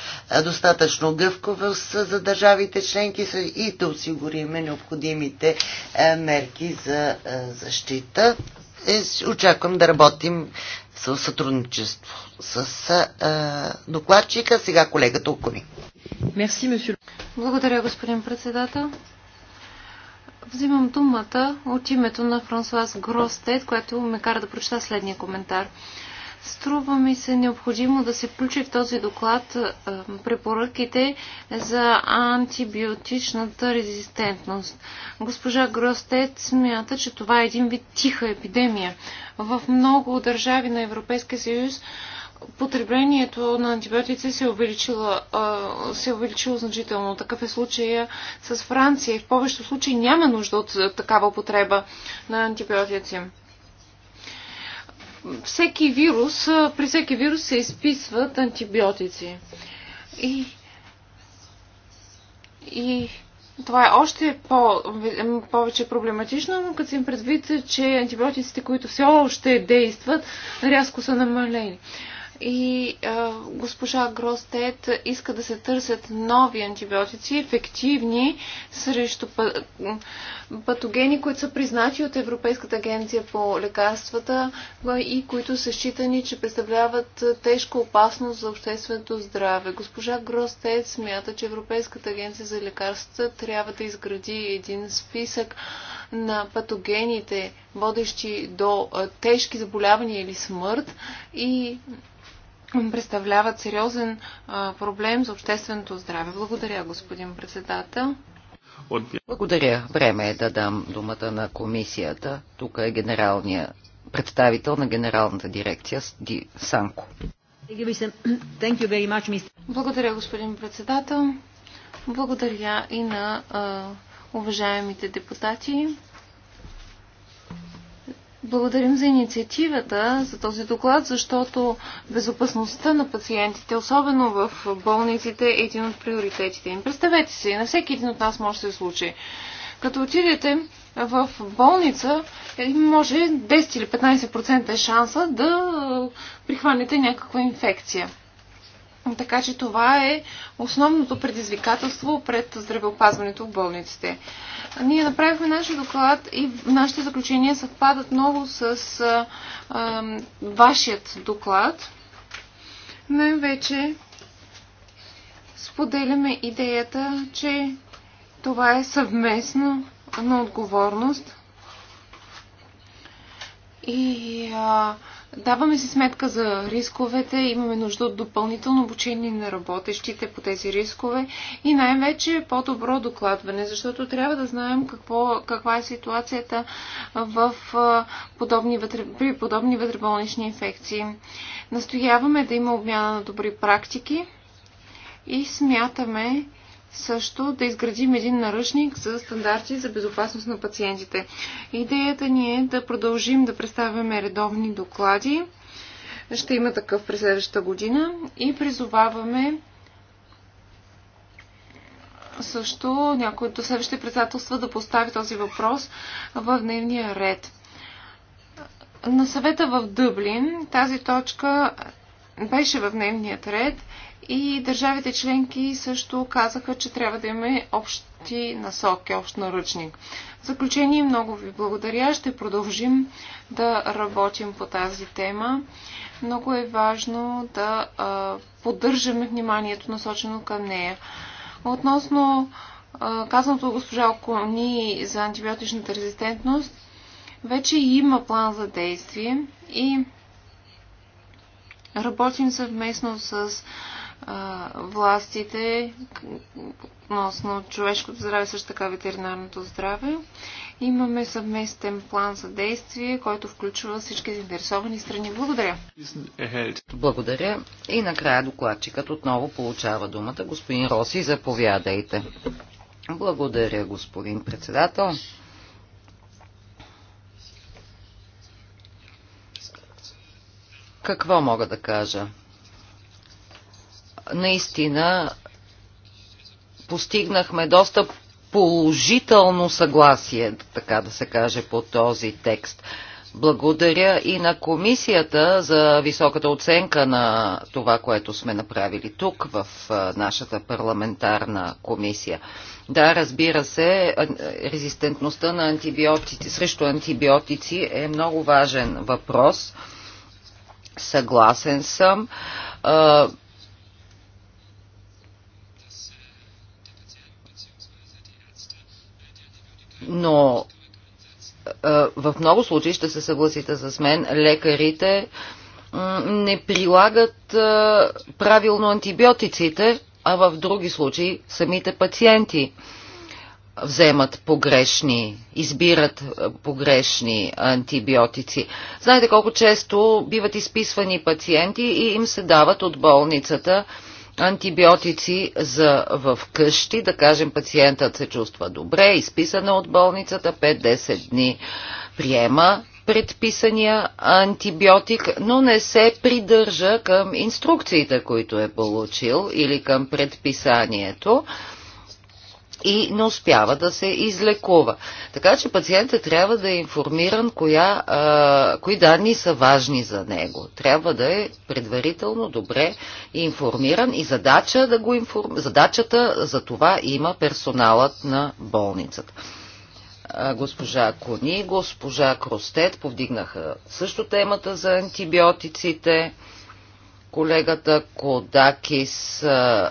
достатъчно гъвковост за държавите членки и да осигурим необходимите мерки за защита. Е, очаквам да работим с сътрудничество с докладчика, сега колегата Окуни. Благодаря, господин председател. Взимам думата от името на Франсуаз Гростет, което ме кара да прочета следния коментар. Струва ми се необходимо да се включи в този доклад е, препоръките за антибиотичната резистентност. Госпожа Гростет смята, че това е един вид тиха епидемия. В много държави на Европейския съюз потреблението на антибиотици се, е увеличило, е, се е увеличило значително. Такъв е случая с Франция и в повечето случаи няма нужда от такава употреба на антибиотици всеки вирус, при всеки вирус се изписват антибиотици. И, и това е още по, повече проблематично, като им предвид, че антибиотиците, които все още действат, рязко са намалени и а, госпожа Гростет иска да се търсят нови антибиотици, ефективни срещу патогени, които са признати от Европейската агенция по лекарствата и които са считани, че представляват тежка опасност за общественото здраве. Госпожа Гростет смята, че Европейската агенция за лекарствата трябва да изгради един списък на патогените, водещи до тежки заболявания или смърт и представляват сериозен проблем за общественото здраве. Благодаря, господин председател. Благодаря. Време е да дам думата на комисията. Тук е генералния представител на генералната дирекция Ди Санко. Благодаря, господин председател. Благодаря и на а, уважаемите депутати. Благодарим за инициативата, за този доклад, защото безопасността на пациентите, особено в болниците, е един от приоритетите им. Представете си, на всеки един от нас може да се случи. Като отидете в болница, може 10 или 15% е шанса да прихванете някаква инфекция. Така че това е основното предизвикателство пред здравеопазването в болниците. Ние направихме нашия доклад и нашите заключения съвпадат много с а, а, вашият доклад. Най-вече споделяме идеята, че това е съвместно на отговорност и а, Даваме си сметка за рисковете, имаме нужда от допълнително обучение на работещите по тези рискове и най-вече по-добро докладване, защото трябва да знаем какво, каква е ситуацията в подобни вътре, при подобни вътреболнични инфекции. Настояваме да има обмяна на добри практики и смятаме, също да изградим един наръчник за стандарти за безопасност на пациентите. Идеята ни е да продължим да представяме редовни доклади. Ще има такъв през следващата година и призоваваме също някои до следващите председателства да постави този въпрос в дневния ред. На съвета в Дъблин тази точка беше в дневният ред и държавите членки също казаха, че трябва да имаме общи насоки, общ наръчник. В заключение много ви благодаря. Ще продължим да работим по тази тема. Много е важно да а, поддържаме вниманието насочено към нея. Относно а, казаното от госпожа Окони за антибиотичната резистентност, вече има план за действие и работим съвместно с властите относно човешкото здраве, също така ветеринарното здраве. Имаме съвместен план за действие, който включва всички заинтересовани страни. Благодаря. Благодаря. И накрая докладчикът отново получава думата. Господин Роси, заповядайте. Благодаря, господин председател. Какво мога да кажа? наистина постигнахме доста положително съгласие, така да се каже, по този текст. Благодаря и на комисията за високата оценка на това, което сме направили тук в нашата парламентарна комисия. Да, разбира се, резистентността на антибиотици, срещу антибиотици е много важен въпрос. Съгласен съм Но в много случаи, ще се съгласите с мен, лекарите не прилагат правилно антибиотиците, а в други случаи самите пациенти вземат погрешни, избират погрешни антибиотици. Знаете колко често биват изписвани пациенти и им се дават от болницата антибиотици за в къщи, да кажем пациентът се чувства добре, изписана от болницата, 5-10 дни приема предписания антибиотик, но не се придържа към инструкциите, които е получил или към предписанието и не успява да се излекува. Така че пациентът трябва да е информиран коя, а, кои данни са важни за него. Трябва да е предварително добре информиран и задача да го информ... задачата за това има персоналът на болницата. А, госпожа Кони, госпожа Кростет повдигнаха също темата за антибиотиците. Колегата Кодакис а,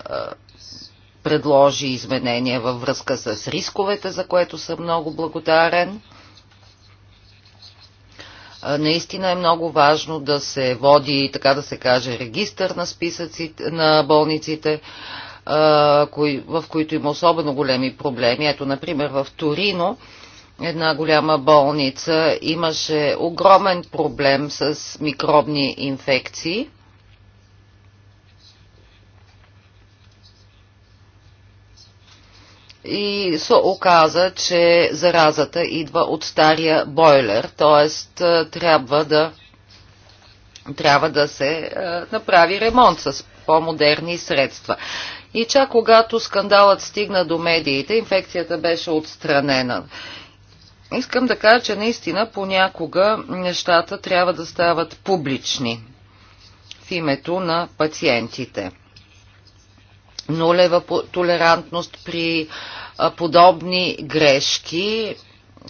предложи изменения във връзка с рисковете, за което съм много благодарен. Наистина е много важно да се води, така да се каже, регистър на списъците на болниците, в които има особено големи проблеми. Ето, например, в Торино една голяма болница имаше огромен проблем с микробни инфекции и се оказа, че заразата идва от стария бойлер, т.е. трябва да трябва да се е, направи ремонт с по-модерни средства. И чак когато скандалът стигна до медиите, инфекцията беше отстранена. Искам да кажа, че наистина понякога нещата трябва да стават публични в името на пациентите нулева толерантност при подобни грешки.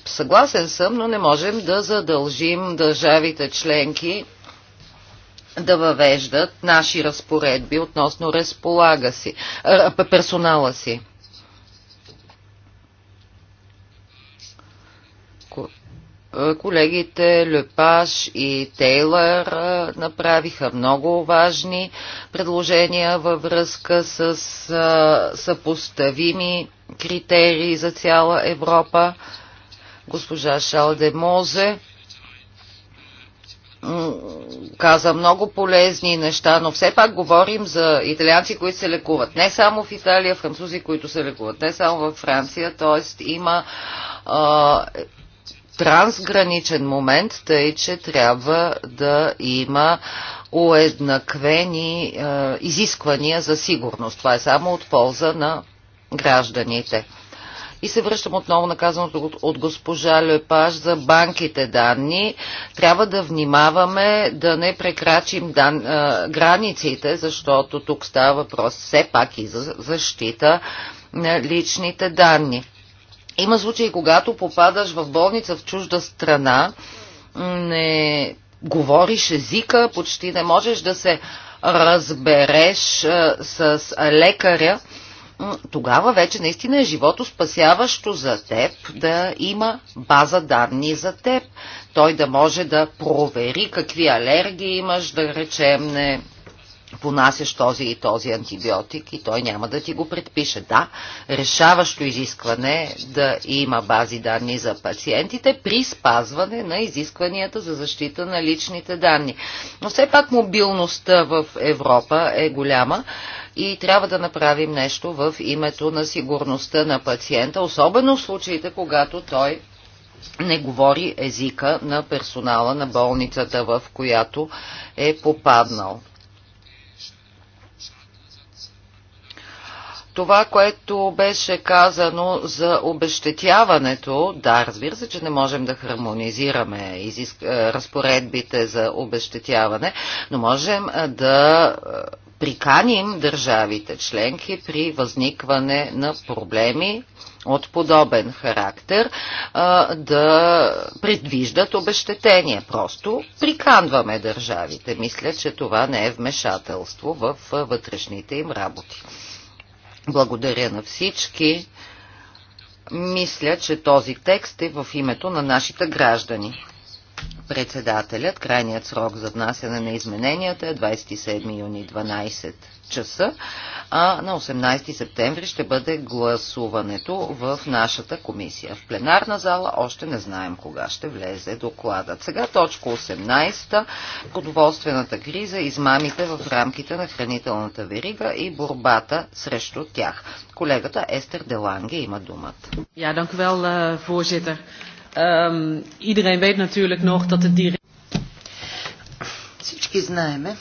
Съгласен съм, но не можем да задължим държавите членки да въвеждат наши разпоредби относно разполага си, персонала си. Колегите Лепаш и Тейлър направиха много важни предложения във връзка с съпоставими критерии за цяла Европа. Госпожа Шалде Мозе каза много полезни неща, но все пак говорим за италианци, които се лекуват не само в Италия, французи, които се лекуват не само във Франция, т.е. има а, трансграничен момент, тъй че трябва да има уеднаквени е, изисквания за сигурност. Това е само от полза на гражданите. И се връщам отново на казаното от госпожа Лепаш за банките данни. Трябва да внимаваме да не прекрачим дан, е, границите, защото тук става въпрос все пак и за защита на личните данни. Има случаи, когато попадаш в болница в чужда страна, не говориш езика, почти не можеш да се разбереш с лекаря, тогава вече наистина е живото спасяващо за теб да има база данни за теб. Той да може да провери какви алергии имаш, да речем, не понасяш този и този антибиотик и той няма да ти го предпише. Да, решаващо изискване да има бази данни за пациентите при спазване на изискванията за защита на личните данни. Но все пак мобилността в Европа е голяма и трябва да направим нещо в името на сигурността на пациента, особено в случаите, когато той не говори езика на персонала на болницата, в която е попаднал. това, което беше казано за обещетяването, да, разбира се, че не можем да хармонизираме изиск... Е, разпоредбите за обещетяване, но можем е, да е, приканим държавите членки при възникване на проблеми от подобен характер да предвиждат обещетение. Просто приканваме държавите. Мисля, че това не е вмешателство в вътрешните им работи. Благодаря на всички. Мисля, че този текст е в името на нашите граждани председателят. Крайният срок за внасяне на измененията е 27 юни 12 часа, а на 18 септември ще бъде гласуването в нашата комисия. В пленарна зала още не знаем кога ще влезе докладът. Сега точка 18. Продоволствената криза, измамите в рамките на хранителната верига и борбата срещу тях. Колегата Естер Деланге има думата. Я, dank eh, voorzitter. Um, iedereen weet natuurlijk nog dat het direct... Всички знаеме,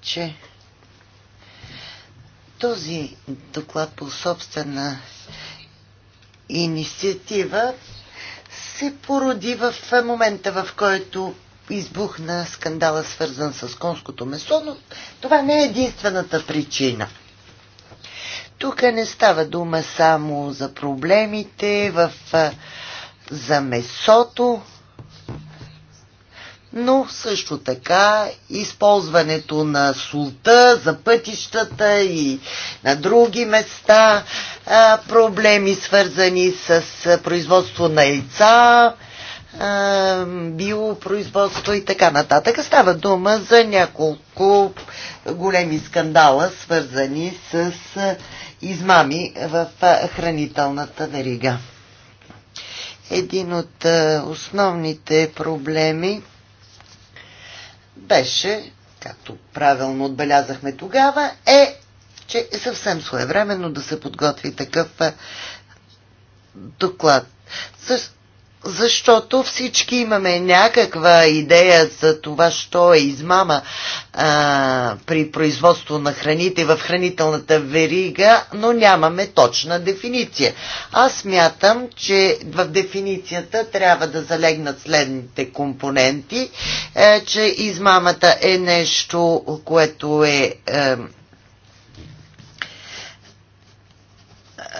че този доклад по собствена инициатива се породи в момента, в който избухна скандала, свързан с конското месо, но това не е единствената причина – тук не става дума само за проблемите в, за месото, но също така използването на султа за пътищата и на други места, проблеми свързани с производство на яйца, биопроизводство и така нататък. Става дума за няколко големи скандала, свързани с измами в хранителната верига. Един от основните проблеми беше, както правилно отбелязахме тогава, е, че е съвсем своевременно да се подготви такъв доклад. Също защото всички имаме някаква идея за това, що е измама а, при производство на храните в хранителната верига, но нямаме точна дефиниция. Аз мятам, че в дефиницията трябва да залегнат следните компоненти, е, че измамата е нещо, което е, е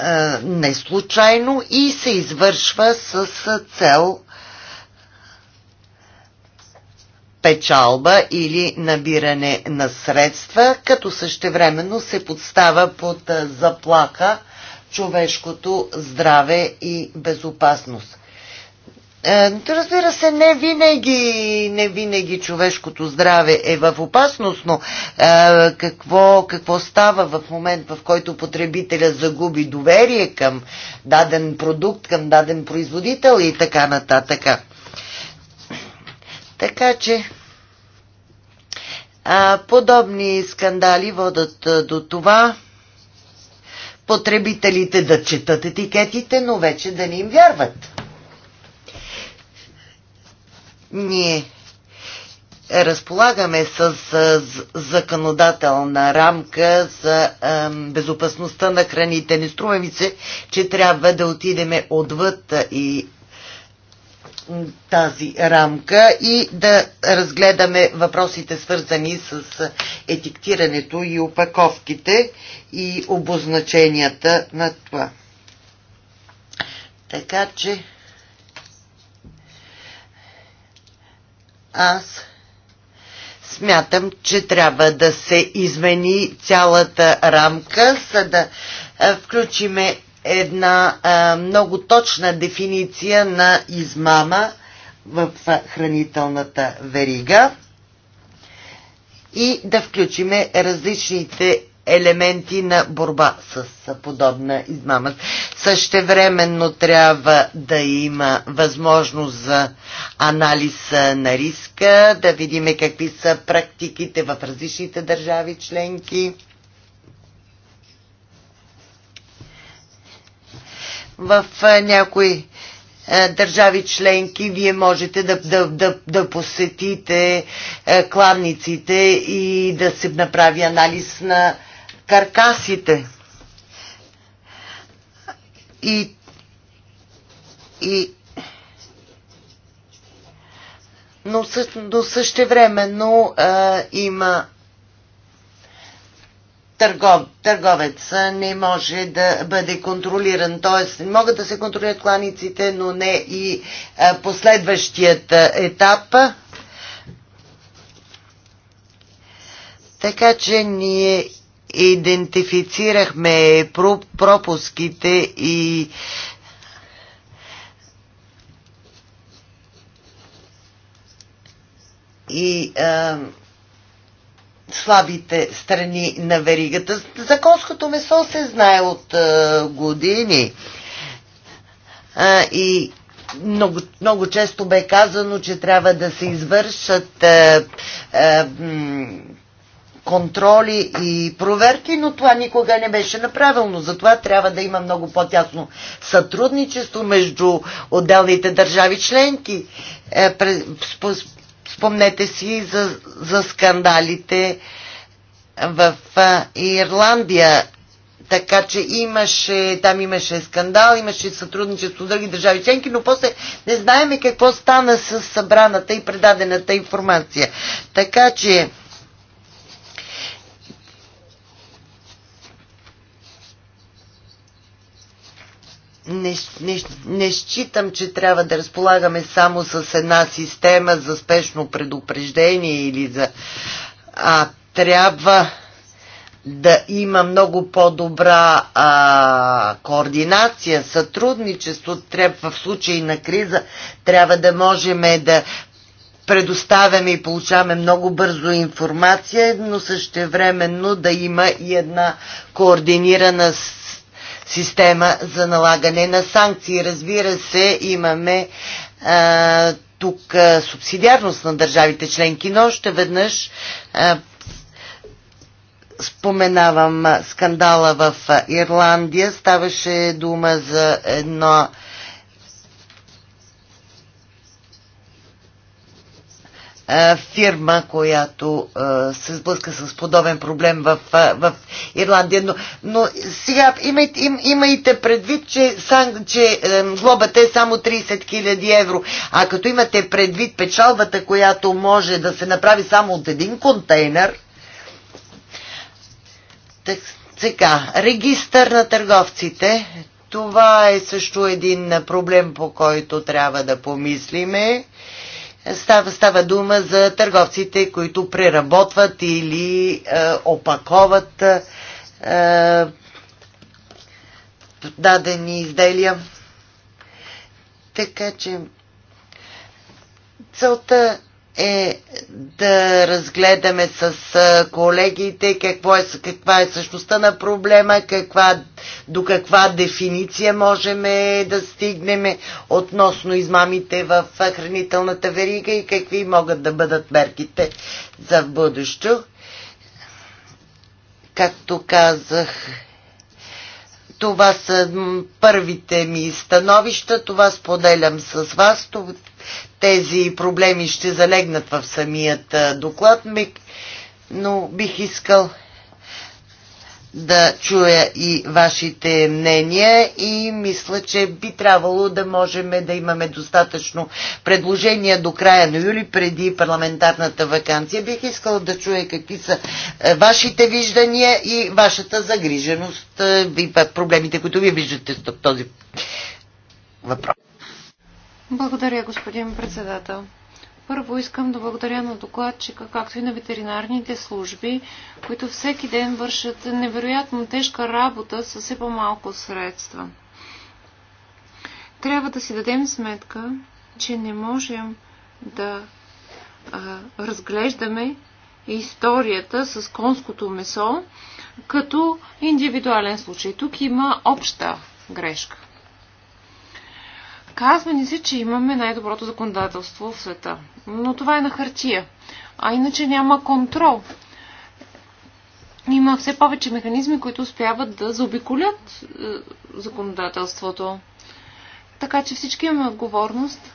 Е, не случайно и се извършва с цел печалба или набиране на средства, като същевременно се подстава под е, заплаха човешкото здраве и безопасност. Е, разбира се, не винаги, не винаги човешкото здраве е в опасност, но е, какво, какво става в момент, в който потребителя загуби доверие към даден продукт, към даден производител и така нататък. Така че а, подобни скандали водат е, до това потребителите да четат етикетите, но вече да не им вярват. Ние разполагаме с законодателна рамка за безопасността на храните. Не струва ми се, че трябва да отидеме отвъд и тази рамка и да разгледаме въпросите свързани с етиктирането и опаковките и обозначенията на това. Така че Аз смятам, че трябва да се измени цялата рамка, за да е, включиме една а, е, много точна дефиниция на измама в е, хранителната верига и да включиме различните елементи на борба с подобна измама. Същевременно трябва да има възможност за анализ на риска, да видим какви са практиките в различните държави членки. В някои държави членки, вие можете да, да, да, да посетите кладниците и да се направи анализ на каркасите и, и но, също, но а, има търгов, търговец не може да бъде контролиран. Т.е. могат да се контролират кланиците, но не и а, последващият етап. Така че ние идентифицирахме пропуските и и а, слабите страни на веригата. За конското месо се знае от а, години. А, и много, много често бе казано, че трябва да се извършат а, а, контроли и проверки, но това никога не беше направено. Затова трябва да има много по-тясно сътрудничество между отделните държави членки. Е, спомнете си за, за скандалите в Ирландия така че имаше, там имаше скандал, имаше сътрудничество с други държави членки, но после не знаеме какво стана с събраната и предадената информация. Така че не, не, не считам, че трябва да разполагаме само с една система за спешно предупреждение или за... А, трябва да има много по-добра координация, сътрудничество, трябва в случай на криза, трябва да можем да предоставяме и получаваме много бързо информация, но същевременно да има и една координирана система за налагане на санкции. Разбира се, имаме а, тук а, субсидиарност на държавите членки, но още веднъж а, споменавам скандала в Ирландия. Ставаше дума за едно Е, фирма, която е, се сблъска с подобен проблем в, е, в Ирландия. Но, но сега имайте, им, имайте предвид, че, сан, че глобата е само 30 000 евро. А като имате предвид печалбата, която може да се направи само от един контейнер, так, сега, регистър на търговците, това е също един проблем, по който трябва да помислиме. Става, става дума за търговците, които преработват или е, опаковат е, дадени изделия. Така че целта е да разгледаме с колегите какво е, каква е същността на проблема, каква, до каква дефиниция можем е, да стигнем относно измамите в хранителната верига и какви могат да бъдат мерките за бъдещо. Както казах, това са първите ми становища, това споделям с вас, тези проблеми ще залегнат в самият доклад, но бих искал да чуя и вашите мнения и мисля, че би трябвало да можем да имаме достатъчно предложения до края на юли преди парламентарната вакансия. Бих искала да чуя какви са вашите виждания и вашата загриженост и проблемите, които вие виждате в този въпрос. Благодаря, господин председател. Първо искам да благодаря на докладчика, както и на ветеринарните служби, които всеки ден вършат невероятно тежка работа с все по-малко средства. Трябва да си дадем сметка, че не можем да а, разглеждаме историята с конското месо като индивидуален случай. Тук има обща грешка. Казва ни се, че имаме най-доброто законодателство в света. Но това е на хартия. А иначе няма контрол. Има все повече механизми, които успяват да заобиколят е, законодателството. Така че всички имаме отговорност.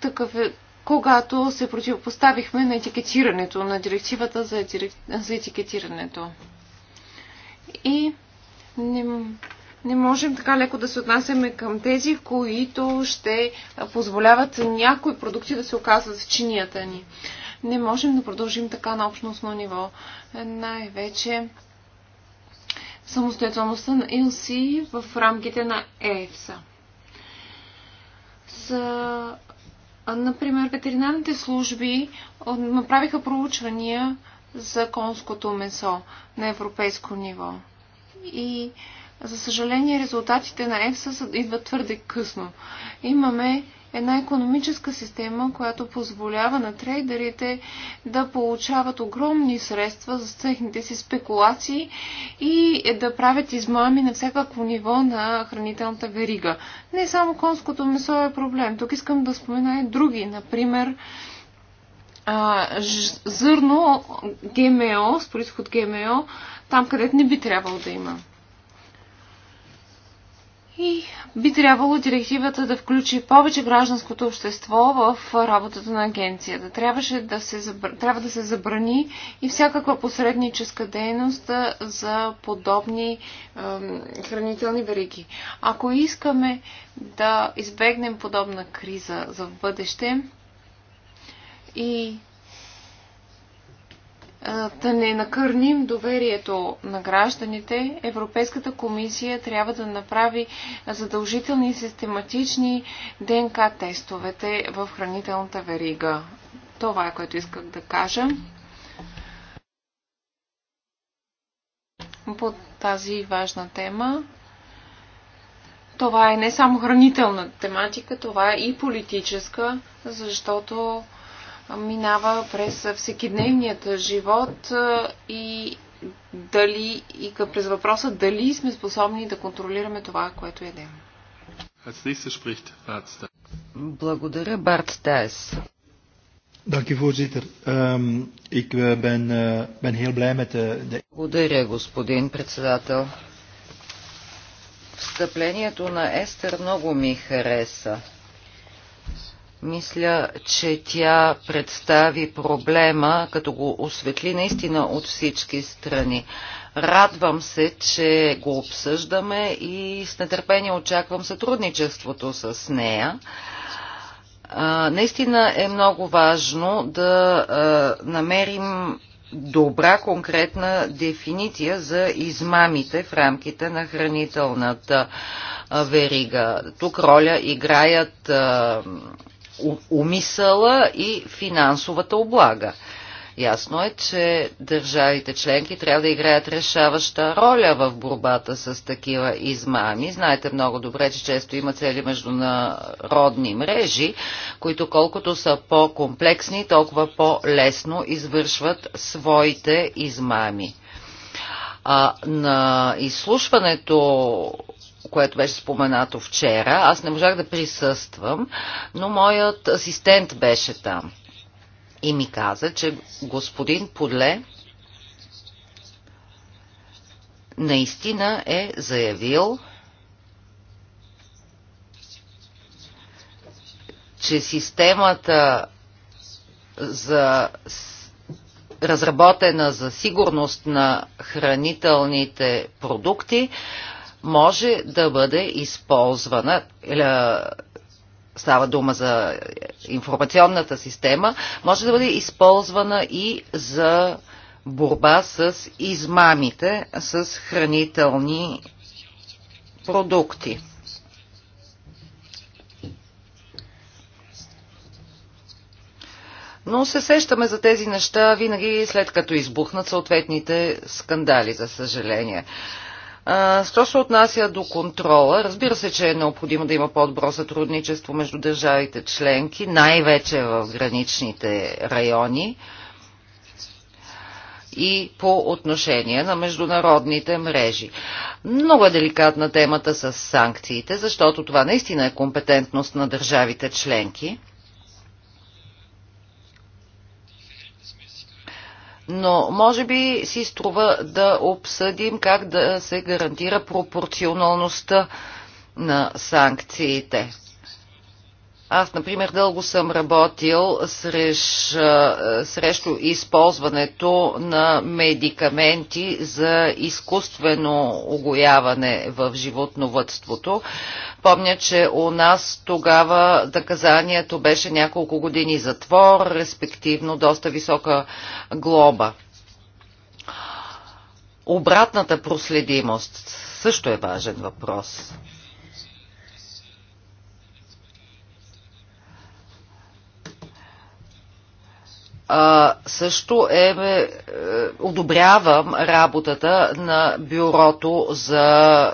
Такъв е, когато се противопоставихме на етикетирането, на директивата за, етирек... за етикетирането. И не, не можем така леко да се отнасяме към тези, в които ще позволяват някои продукти да се оказват в чинията ни. Не можем да продължим така на общностно ниво. Най-вече самостоятелността на ИЛСИ в рамките на ЕФСА. С, например, ветеринарните служби направиха проучвания за конското месо на европейско ниво. И за съжаление, резултатите на ЕФСА идват твърде късно. Имаме една економическа система, която позволява на трейдерите да получават огромни средства за техните си спекулации и да правят измами на всякакво ниво на хранителната верига. Не само конското месо е проблем. Тук искам да спомена и други. Например, зърно ГМО, с происход ГМО, там където не би трябвало да има. И би трябвало директивата да включи повече гражданското общество в работата на агенцията. Трябваше да се забр... Трябва да се забрани и всякаква посредническа дейност за подобни ем, хранителни вериги. Ако искаме да избегнем подобна криза за в бъдеще и да не накърним доверието на гражданите, Европейската комисия трябва да направи задължителни и систематични ДНК тестовете в хранителната верига. Това е което исках да кажа. По тази важна тема. Това е не само хранителна тематика, това е и политическа, защото минава през всекидневният живот и дали и през въпроса дали сме способни да контролираме това, което ядем. Благодаря, Барт Стайс. Ehm, eh, eh, eh, Благодаря, господин председател. Встъплението на Естер много ми хареса. Мисля, че тя представи проблема, като го осветли наистина от всички страни. Радвам се, че го обсъждаме и с нетърпение очаквам сътрудничеството с нея. Наистина е много важно да намерим добра конкретна дефиниция за измамите в рамките на хранителната верига. Тук роля играят умисъла и финансовата облага. Ясно е, че държавите членки трябва да играят решаваща роля в борбата с такива измами. Знаете много добре, че често има цели международни мрежи, които колкото са по-комплексни, толкова по-лесно извършват своите измами. А, на изслушването което беше споменато вчера. Аз не можах да присъствам, но моят асистент беше там. И ми каза, че господин Подле наистина е заявил, че системата за разработена за сигурност на хранителните продукти може да бъде използвана е, става дума за информационната система, може да бъде използвана и за борба с измамите с хранителни продукти. Но се сещаме за тези неща винаги след като избухнат съответните скандали, за съжаление що се отнася до контрола, разбира се, че е необходимо да има по-добро сътрудничество между държавите членки, най-вече в граничните райони и по отношение на международните мрежи. Много е деликатна темата с санкциите, защото това наистина е компетентност на държавите членки – но може би си струва да обсъдим как да се гарантира пропорционалността на санкциите. Аз, например, дълго съм работил среш, срещу използването на медикаменти за изкуствено огояване в животновътството. Помня, че у нас тогава наказанието беше няколко години затвор, респективно доста висока глоба. Обратната проследимост също е важен въпрос. също е, е, одобрявам работата на бюрото за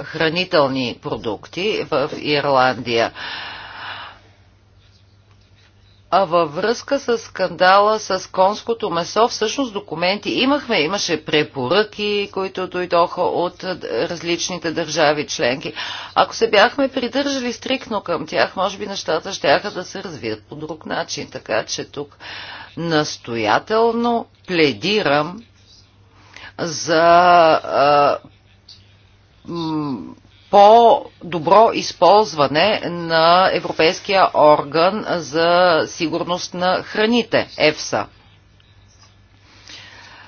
хранителни продукти в Ирландия. А във връзка с скандала с конското месо, всъщност документи имахме, имаше препоръки, които дойдоха от различните държави членки. Ако се бяхме придържали стрикно към тях, може би нещата ще да се развият по друг начин, така че тук настоятелно пледирам за по-добро използване на Европейския орган за сигурност на храните, ЕФСА.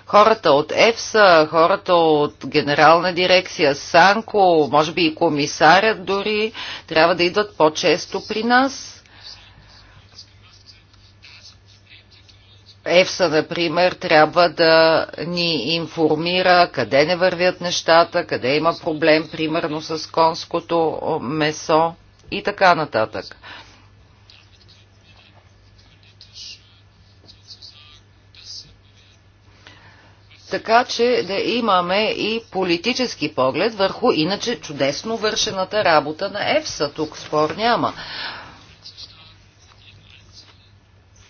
Хората от ЕФСА, хората от Генерална дирекция Санко, може би и комисарят дори, трябва да идват по-често при нас ЕФСА, например, трябва да ни информира къде не вървят нещата, къде има проблем, примерно с конското месо и така нататък. така че да имаме и политически поглед върху иначе чудесно вършената работа на ЕФСА. Тук спор няма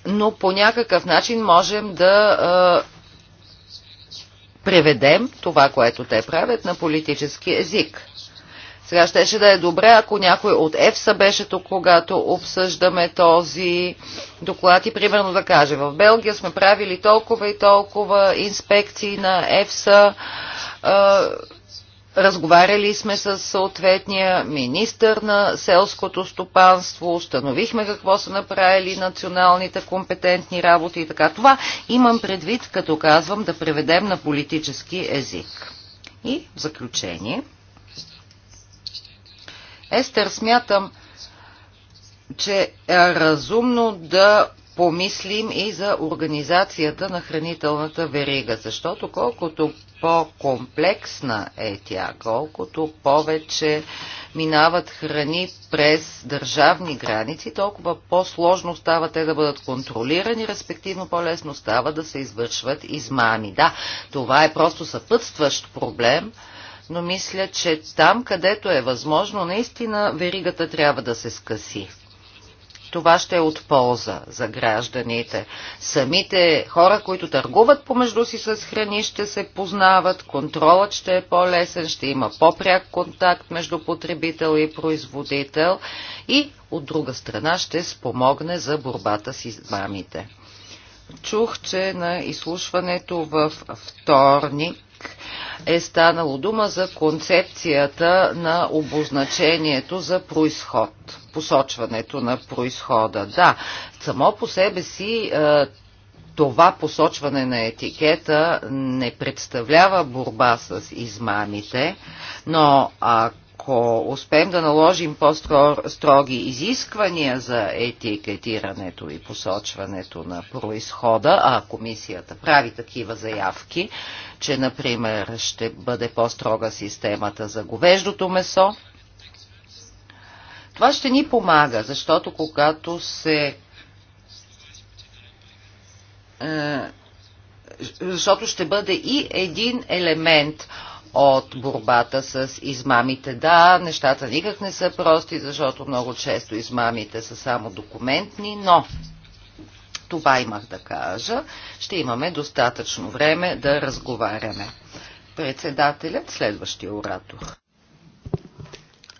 но по някакъв начин можем да преведем това, което те правят на политически език. Сега щеше да е добре, ако някой от ЕФСА беше тук, когато обсъждаме този доклад и примерно да каже, в Белгия сме правили толкова и толкова инспекции на ЕФСА, Разговаряли сме с съответния министр на селското стопанство, установихме какво са направили националните компетентни работи и така. Това имам предвид, като казвам, да преведем на политически език. И в заключение. Естер, смятам, че е разумно да помислим и за организацията на хранителната верига, защото колкото по-комплексна е тя, колкото повече минават храни през държавни граници, толкова по-сложно става те да бъдат контролирани, респективно по-лесно става да се извършват измами. Да, това е просто съпътстващ проблем, но мисля, че там, където е възможно, наистина веригата трябва да се скъси. Това ще е от полза за гражданите. Самите хора, които търгуват помежду си с храни, ще се познават, контролът ще е по-лесен, ще има по-пряк контакт между потребител и производител и от друга страна ще спомогне за борбата с измамите. Чух, че на изслушването във вторник е станало дума за концепцията на обозначението за происход, посочването на происхода. Да, само по себе си е, това посочване на етикета не представлява борба с измамите, но ако ако успеем да наложим по-строги изисквания за етикетирането и посочването на происхода, а комисията прави такива заявки, че, например, ще бъде по-строга системата за говеждото месо, това ще ни помага, защото когато се е, защото ще бъде и един елемент от борбата с измамите. Да, нещата никак не са прости, защото много често измамите са само документни, но това имах да кажа. Ще имаме достатъчно време да разговаряме. Председателят, следващия оратор.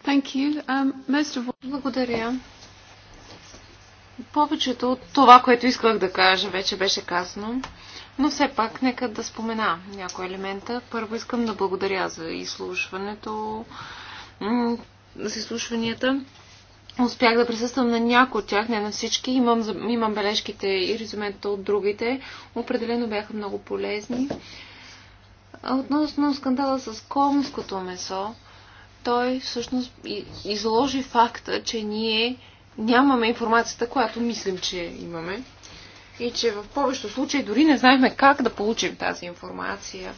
Um, Благодаря. Повечето от това, което исках да кажа, вече беше казано. Но все пак, нека да спомена някои елемента. Първо искам да благодаря за изслушването, за изслушванията. Успях да присъствам на някои от тях, не на всички. Имам, имам бележките и резюмета от другите. Определено бяха много полезни. Относно скандала с комското месо, той всъщност изложи факта, че ние нямаме информацията, която мислим, че имаме и че в повечето случаи дори не знаехме как да получим тази информация.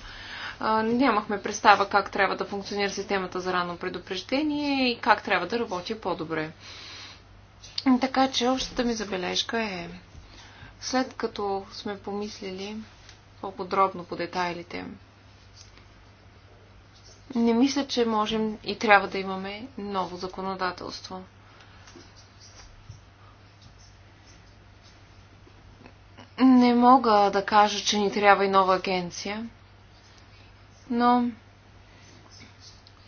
Нямахме представа как трябва да функционира системата за ранно предупреждение и как трябва да работи по-добре. Така че общата ми забележка е, след като сме помислили по-подробно по детайлите, не мисля, че можем и трябва да имаме ново законодателство. Не мога да кажа, че ни трябва и нова агенция, но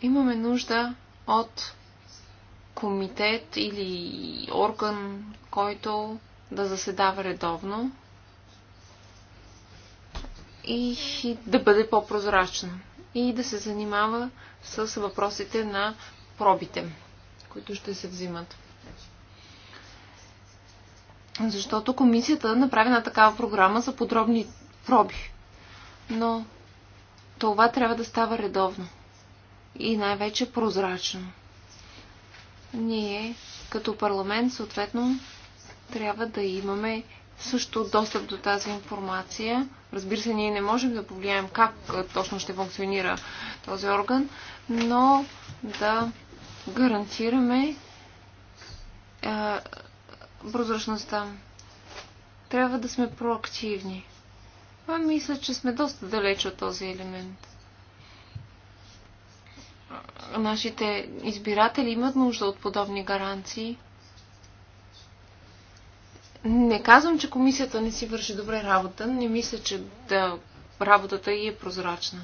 имаме нужда от комитет или орган, който да заседава редовно и да бъде по-прозрачна и да се занимава с въпросите на пробите, които ще се взимат. Защото комисията направи на такава програма за подробни проби. Но това трябва да става редовно. И най-вече прозрачно. Ние, като парламент, съответно, трябва да имаме също достъп до тази информация. Разбира се, ние не можем да повлияем как точно ще функционира този орган, но да гарантираме прозрачността. Трябва да сме проактивни. А мисля, че сме доста далеч от този елемент. Нашите избиратели имат нужда от подобни гаранции. Не казвам, че комисията не си върши добре работа. Не мисля, че да, работата й е прозрачна.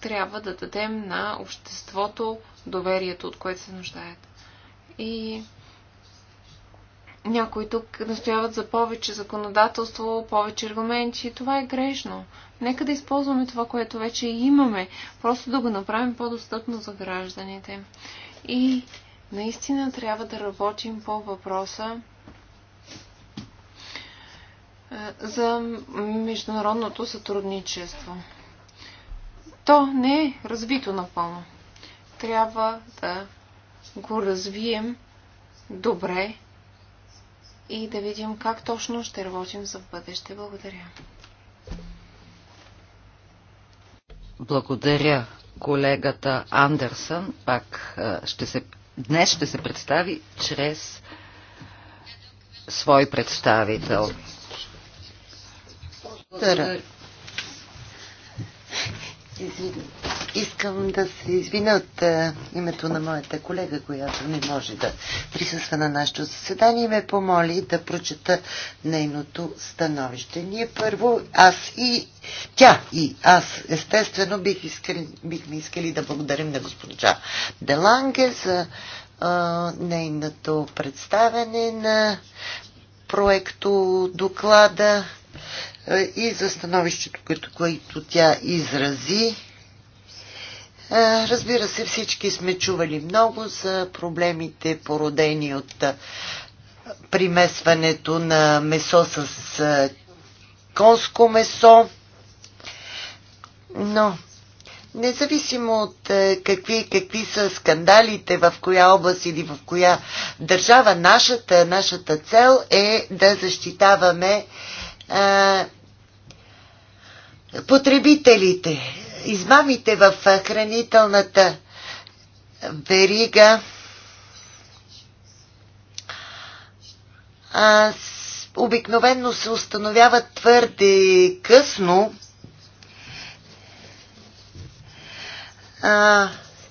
Трябва да дадем на обществото доверието, от което се нуждаят. И някои тук настояват за повече законодателство, повече аргументи. Това е грешно. Нека да използваме това, което вече имаме, просто да го направим по-достъпно за гражданите. И наистина трябва да работим по въпроса е, за международното сътрудничество. То не е развито напълно. Трябва да го развием добре и да видим как точно ще работим за в бъдеще. Благодаря. Благодаря колегата Андерсън. Пак ще се, днес ще се представи чрез свой представител. Благодаря. Искам да се извиня от а, е, името на моята колега, която не може да присъства на нашето заседание и ме помоли да прочета нейното становище. Ние първо, аз и тя и аз, естествено, бих искали, бихме искали да благодарим на госпожа Деланге за а, е, нейното представене на проекто доклада е, и за становището, което, което тя изрази Разбира се, всички сме чували много за проблемите, породени от примесването на месо с конско месо. Но, независимо от какви, какви са скандалите, в коя област или в коя държава, нашата, нашата цел е да защитаваме а, потребителите измамите в хранителната верига обикновенно се установяват твърде късно. А,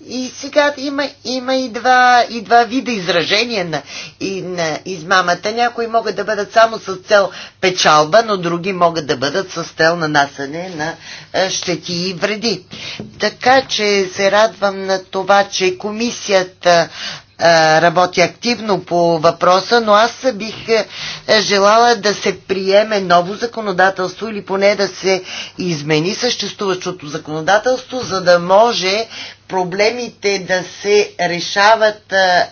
и сега има, има и, два, и два вида изражения на, и, на измамата. Някои могат да бъдат само с цел печалба, но други могат да бъдат с цел нанасене на е, щети и вреди. Така че се радвам на това, че комисията работи активно по въпроса, но аз бих е, е, желала да се приеме ново законодателство или поне да се измени съществуващото законодателство, за да може проблемите да се решават е,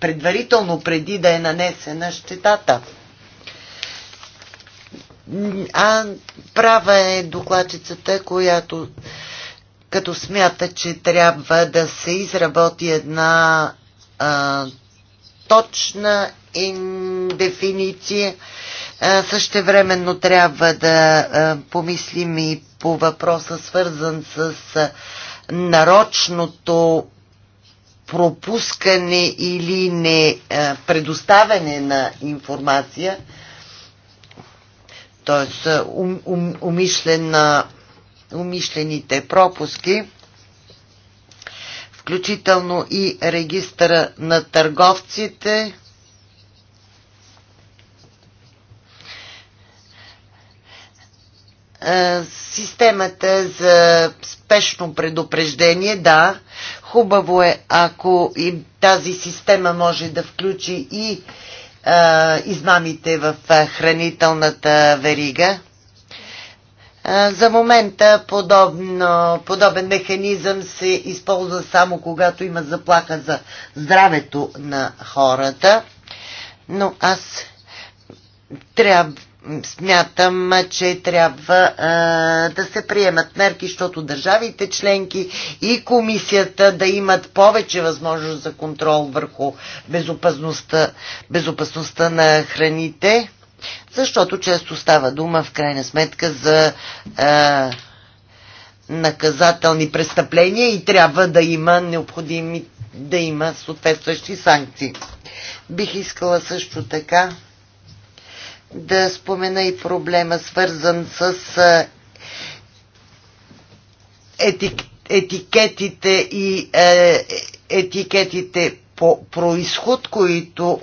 предварително, преди да е нанесена щетата. А права е докладчицата, която като смята, че трябва да се изработи една а, точна дефиниция. А, същевременно трябва да а, помислим и по въпроса, свързан с а, нарочното пропускане или не а, предоставяне на информация, т.е. Ум, ум, умишлена умишлените пропуски, включително и регистъра на търговците, е, системата за спешно предупреждение, да, хубаво е, ако и тази система може да включи и а, е, измамите в е, хранителната верига. За момента подобно, подобен механизъм се използва само когато има заплаха за здравето на хората, но аз трябва, смятам, че трябва а, да се приемат мерки, защото държавите членки и комисията да имат повече възможност за контрол върху безопасността, безопасността на храните защото често става дума в крайна сметка за е, наказателни престъпления и трябва да има необходими, да има съответстващи санкции. Бих искала също така да спомена и проблема свързан с е, етикетите и е, е, етикетите по происход, които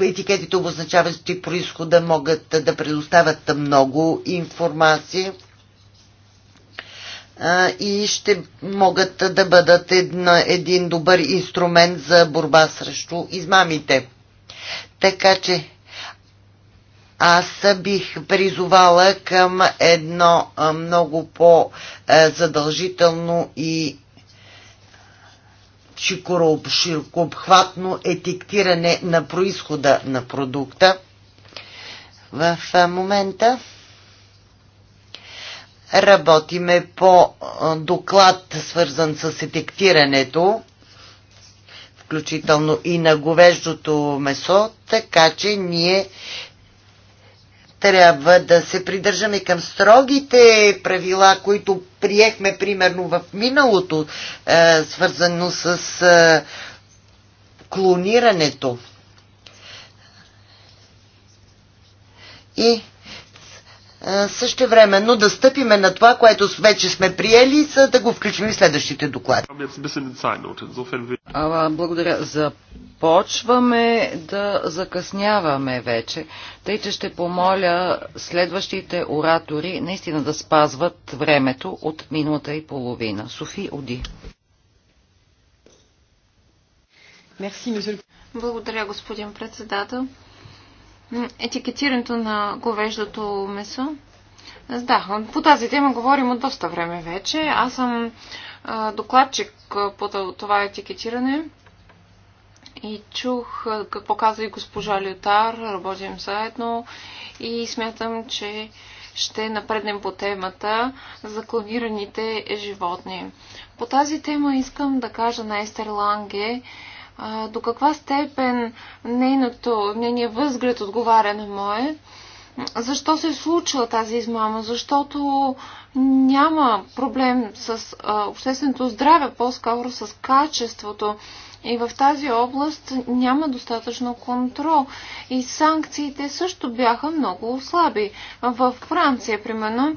етикетите, обозначаващи происхода, могат да предоставят много информация и ще могат да бъдат една, един добър инструмент за борба срещу измамите. Така че аз бих призовала към едно много по-задължително и широкообхватно етиктиране на происхода на продукта. В момента работиме по доклад, свързан с етиктирането, включително и на говеждото месо, така че ние трябва да се придържаме към строгите правила, които приехме примерно в миналото, е, свързано с е, клонирането. И също но да стъпиме на това, което вече сме приели, за да го включим в следващите доклади. Е а, благодаря. Започваме да закъсняваме вече, тъй че ще помоля следващите оратори наистина да спазват времето от минута и половина. Софи Оди. Благодаря, господин председател етикетирането на говеждото месо. Да, по тази тема говорим от доста време вече. Аз съм докладчик по това етикетиране и чух какво каза и госпожа Лютар. Работим заедно и смятам, че ще напреднем по темата за клонираните животни. По тази тема искам да кажа на Естер Ланге, а, до каква степен нейното, нейният възглед отговаря на мое. Защо се е случила тази измама? Защото няма проблем с а, общественото здраве, по-скоро с качеството. И в тази област няма достатъчно контрол. И санкциите също бяха много слаби. В Франция, примерно,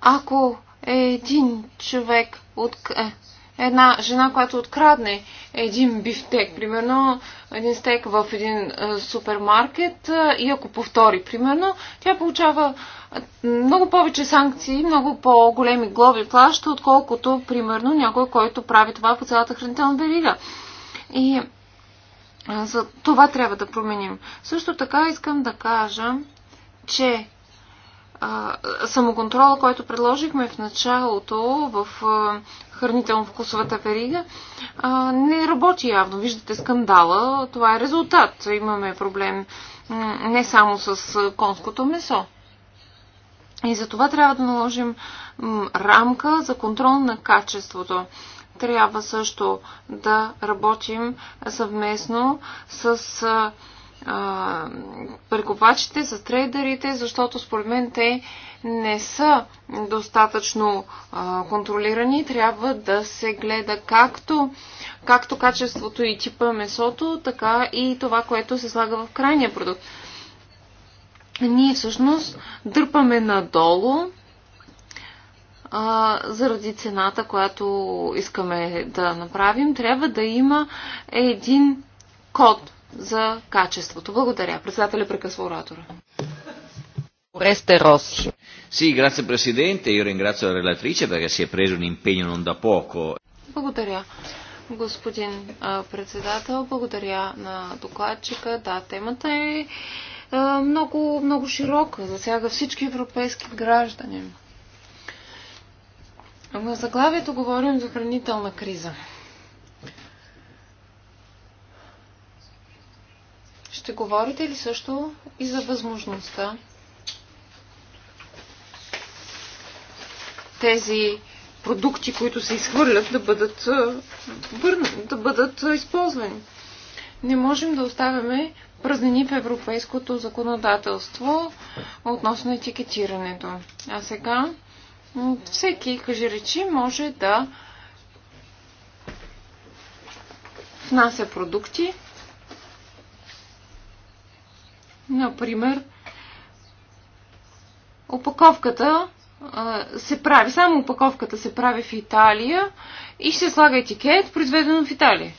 ако един човек от, е, една жена, която открадне един бифтек, примерно един стек в един супермаркет и ако повтори, примерно, тя получава много повече санкции, много по-големи глоби плаща, отколкото, примерно, някой, който прави това по цялата хранителна верига. И за това трябва да променим. Също така искам да кажа, че самоконтрола, който предложихме в началото в хранително-вкусовата верига, не работи явно. Виждате скандала, това е резултат. Имаме проблем не само с конското месо. И за това трябва да наложим рамка за контрол на качеството. Трябва също да работим съвместно с а, търговачите, с трейдерите, защото според мен те не са достатъчно а, контролирани. Трябва да се гледа както, както качеството и типа месото, така и това, което се слага в крайния продукт. Ние всъщност дърпаме надолу а, заради цената, която искаме да направим. Трябва да има един код за качеството. Благодаря. Председателя прекъсва оратора. Оресте Роси. Sì, grazie Presidente, io ringrazio la relatrice perché si è preso un impegno non da poco. Благодаря. Господин председател, благодаря на докладчика. Да, темата е много, много широка, засяга всички европейски граждани. На заглавието говорим за хранителна криза. ще говорите ли също и за възможността тези продукти, които се изхвърлят, да бъдат, да бъдат използвани? Не можем да оставяме празнени в европейското законодателство относно етикетирането. А сега всеки, кажи речи, може да внася продукти, Например, опаковката се прави, само опаковката се прави в Италия и се слага етикет, произведено в Италия.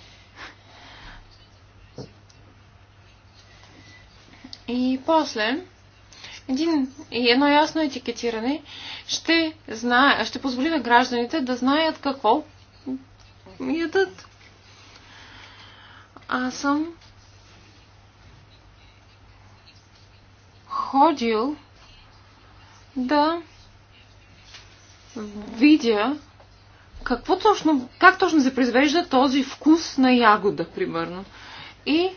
И после, един, едно ясно етикетиране ще, знае, ще позволи на гражданите да знаят какво ядат. Аз съм ходил да видя какво точно, как точно се произвежда този вкус на ягода, примерно. И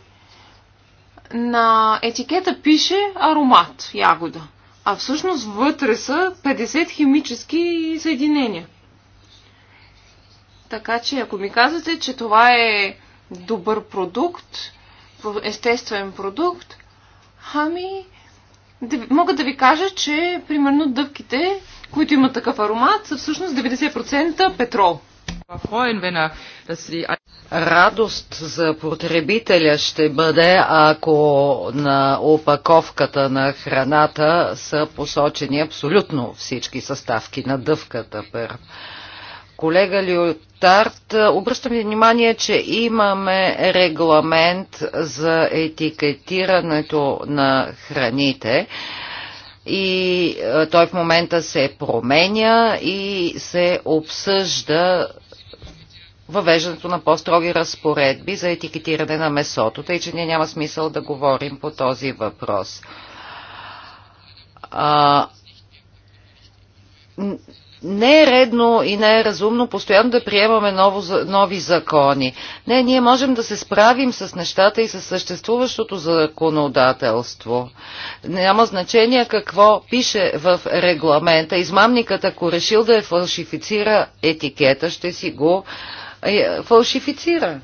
на етикета пише аромат, ягода. А всъщност вътре са 50 химически съединения. Така че, ако ми казвате, че това е добър продукт, естествен продукт, ами, мога да ви кажа, че примерно дъвките, които имат такъв аромат, са всъщност 90% петрол. Радост за потребителя ще бъде, ако на опаковката на храната са посочени абсолютно всички съставки на дъвката колега Лютарт, обръщам ви внимание, че имаме регламент за етикетирането на храните и е, той в момента се променя и се обсъжда въвеждането на по-строги разпоредби за етикетиране на месото, тъй че ние няма смисъл да говорим по този въпрос не е редно и не е разумно постоянно да приемаме ново, нови закони. Не, ние можем да се справим с нещата и с съществуващото законодателство. Няма значение какво пише в регламента. Измамникът, ако решил да е фалшифицира етикета, ще си го фалшифицира.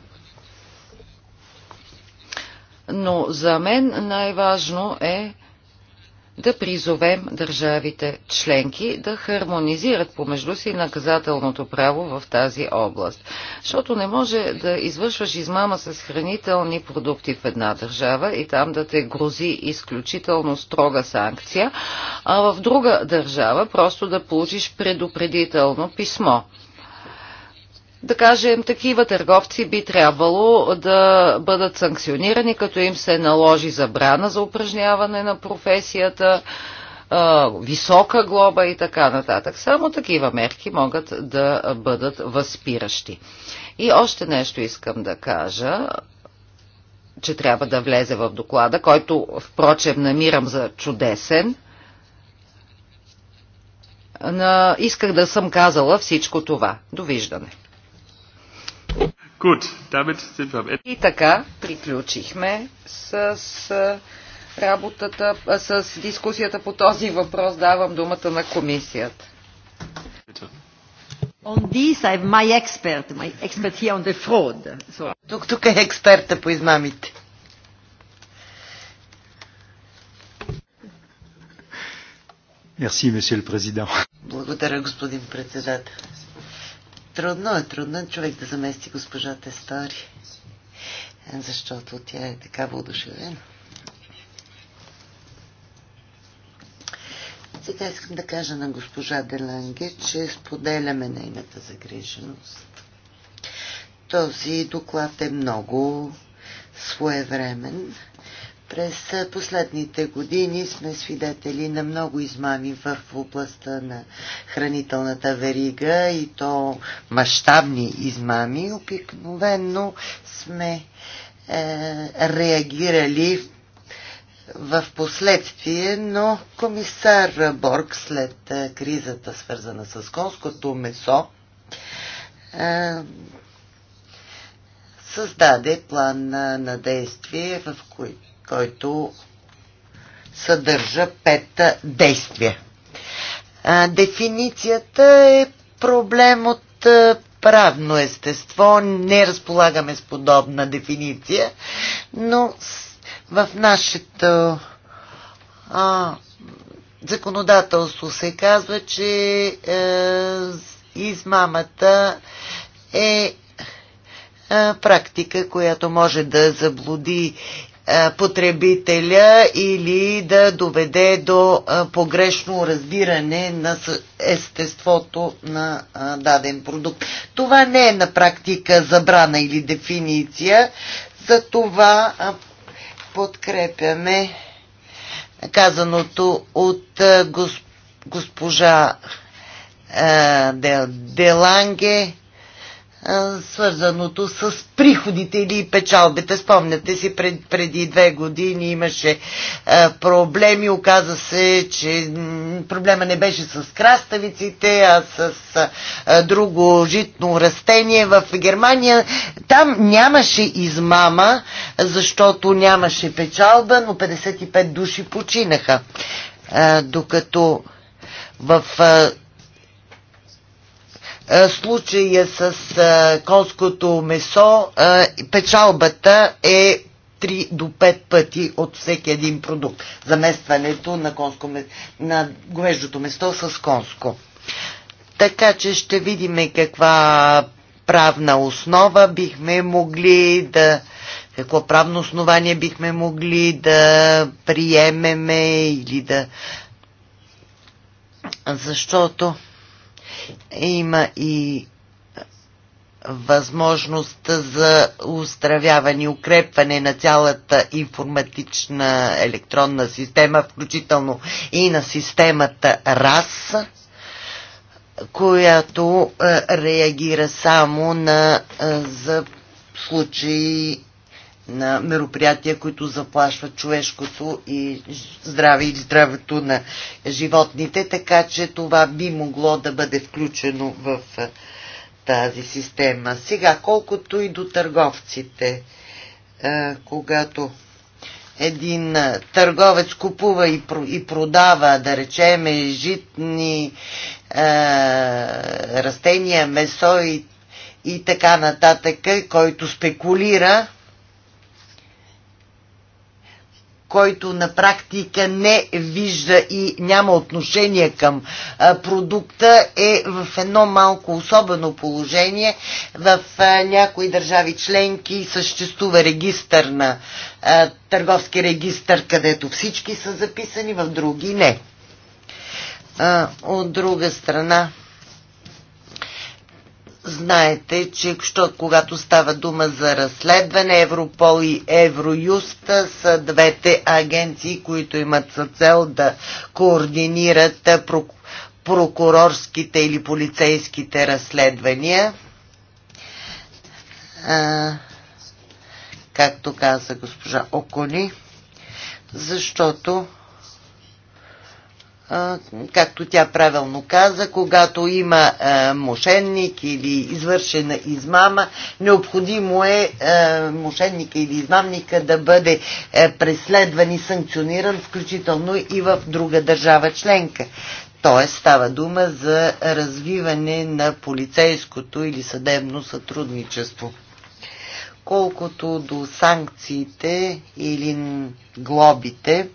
Но за мен най-важно е да призовем държавите членки да хармонизират помежду си наказателното право в тази област. Защото не може да извършваш измама с хранителни продукти в една държава и там да те грози изключително строга санкция, а в друга държава просто да получиш предупредително писмо да кажем, такива търговци би трябвало да бъдат санкционирани, като им се наложи забрана за упражняване на професията, висока глоба и така нататък. Само такива мерки могат да бъдат възпиращи. И още нещо искам да кажа че трябва да влезе в доклада, който, впрочем, намирам за чудесен. На... Исках да съм казала всичко това. Довиждане. И така, приключихме с работата, с дискусията по този въпрос. Давам думата на комисията. expert, expert on the fraud. So... Тук, тук е експерта по измамите. Merci, monsieur le président. Благодаря, господин председател. Трудно е, трудно е човек да замести госпожа Тестори, защото тя е така въодушевена. Сега искам да кажа на госпожа Деланге, че споделяме нейната загриженост. Този доклад е много своевремен през последните години сме свидетели на много измами в областта на хранителната верига и то мащабни измами. Обикновенно сме е, реагирали в последствие, но комисар Борг след е, кризата, свързана с конското месо, е, създаде план на, на действие, в който който съдържа пет действия. Дефиницията е проблем от правно естество. Не разполагаме с подобна дефиниция, но в нашето а, законодателство се казва, че е, измамата е, е практика, която може да заблуди е, потребителя или да доведе до е, погрешно разбиране на естеството на е, даден продукт. Това не е на практика забрана или дефиниция, за това подкрепяме казаното от госпожа Деланге свързаното с приходите или печалбите. Спомняте си, пред, преди две години имаше а, проблеми. Оказа се, че проблема не беше с краставиците, а с а, друго житно растение в Германия. Там нямаше измама, защото нямаше печалба, но 55 души починаха. А, докато в а, е, случая с е, конското месо е, печалбата е 3 до 5 пъти от всеки един продукт. Заместването на, конско, на говеждото месо с конско. Така че ще видим каква правна основа бихме могли да какво правно основание бихме могли да приемеме или да защото има и възможност за устравяване и укрепване на цялата информатична електронна система, включително и на системата РАС, която е, реагира само на е, за случаи на мероприятия, които заплашват човешкото и здраве или здравето на животните, така че това би могло да бъде включено в тази система. Сега, колкото и до търговците, когато един търговец купува и, продава, да речеме, житни растения, месо и, и така нататък, който спекулира, който на практика не вижда и няма отношение към продукта, е в едно малко особено положение. В някои държави членки съществува регистър на търговски регистър, където всички са записани, в други не. От друга страна, Знаете, че когато става дума за разследване, Европол и Евроюст са двете агенции, които имат за цел да координират прокурорските или полицейските разследвания. А, както каза госпожа Окони, защото както тя правилно каза, когато има мошенник или извършена измама, необходимо е мошенника или измамника да бъде преследван и санкциониран, включително и в друга държава членка. Тоест става дума за развиване на полицейското или съдебно сътрудничество. Колкото до санкциите или глобите,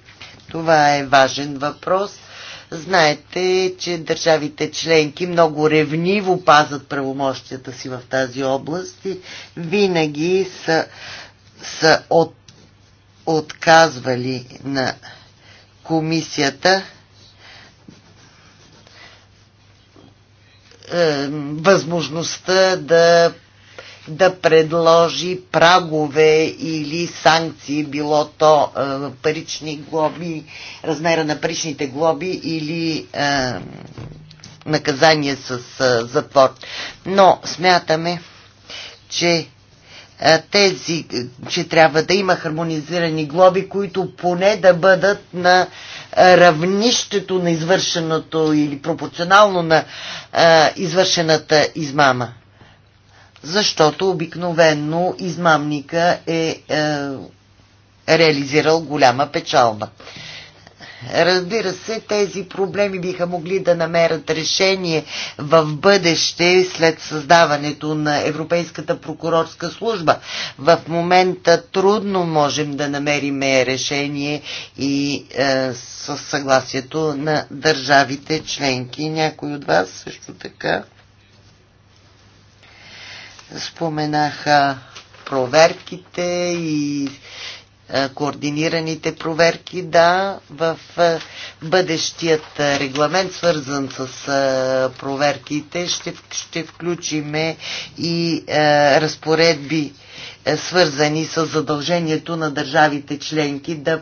това е важен въпрос Знаете, че държавите членки много ревниво пазат правомощията си в тази област и винаги са, са от, отказвали на комисията е, възможността да да предложи прагове или санкции, било то е, парични глоби, размера на паричните глоби или е, наказание с е, затвор. Но смятаме, че е, тези, че трябва да има хармонизирани глоби, които поне да бъдат на е, равнището на извършеното или пропорционално на е, извършената измама защото обикновенно измамника е, е реализирал голяма печалба. Разбира се, тези проблеми биха могли да намерят решение в бъдеще след създаването на Европейската прокурорска служба. В момента трудно можем да намерим решение и е, със съгласието на държавите членки. Някой от вас също така споменаха проверките и е, координираните проверки, да, в е, бъдещият регламент, свързан с е, проверките, ще, ще включиме и разпоредби, свързани с задължението на държавите членки да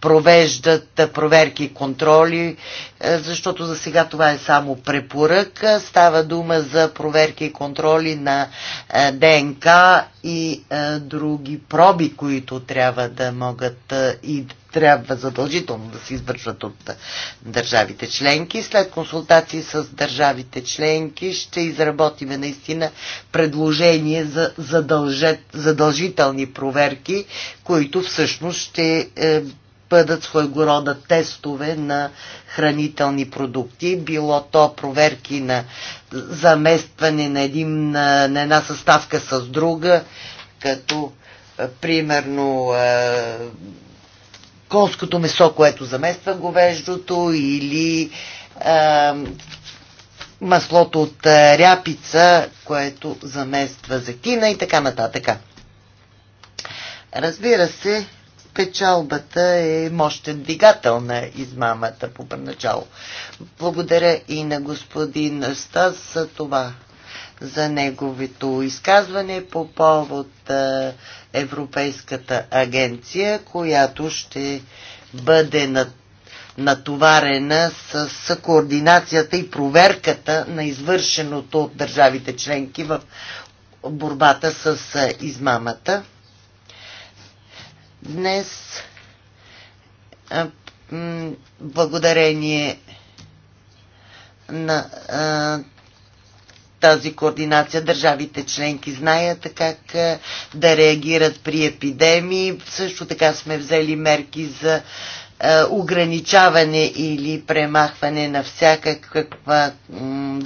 провеждат проверки и контроли, е, защото за сега това е само препоръка. Става дума за проверки и контроли на е, ДНК и а, е, други проби, които трябва да могат а, е, и трябва задължително да се извършват от а, е, държавите членки. След консултации с държавите членки ще изработиме наистина предложение за задължет, задължителни проверки, които всъщност ще е, бъдат своего рода тестове на хранителни продукти, било то проверки на заместване на, един, на, на една съставка с друга, като примерно конското месо, което замества говеждото или е, маслото от ряпица, което замества зехтина и така нататък. Разбира се, печалбата е мощен двигател на измамата по начало. Благодаря и на господин Стас за това, за неговото изказване по повод Европейската агенция, която ще бъде натоварена с координацията и проверката на извършеното от държавите членки в борбата с измамата. Днес, благодарение на а, тази координация. Държавите членки знаят как а, да реагират при епидемии. Също така сме взели мерки за ограничаване или премахване на всякаква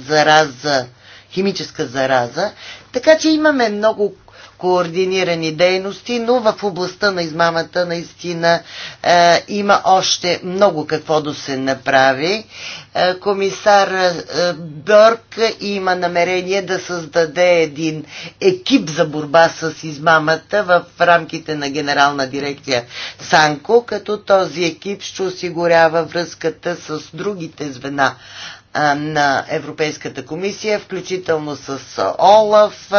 зараза, химическа зараза. Така че имаме много координирани дейности, но в областта на измамата наистина е, има още много какво да се направи. Е, комисар е, Бърк има намерение да създаде един екип за борба с измамата в рамките на Генерална дирекция Санко, като този екип ще осигурява връзката с другите звена е, на Европейската комисия, включително с ОЛАФ,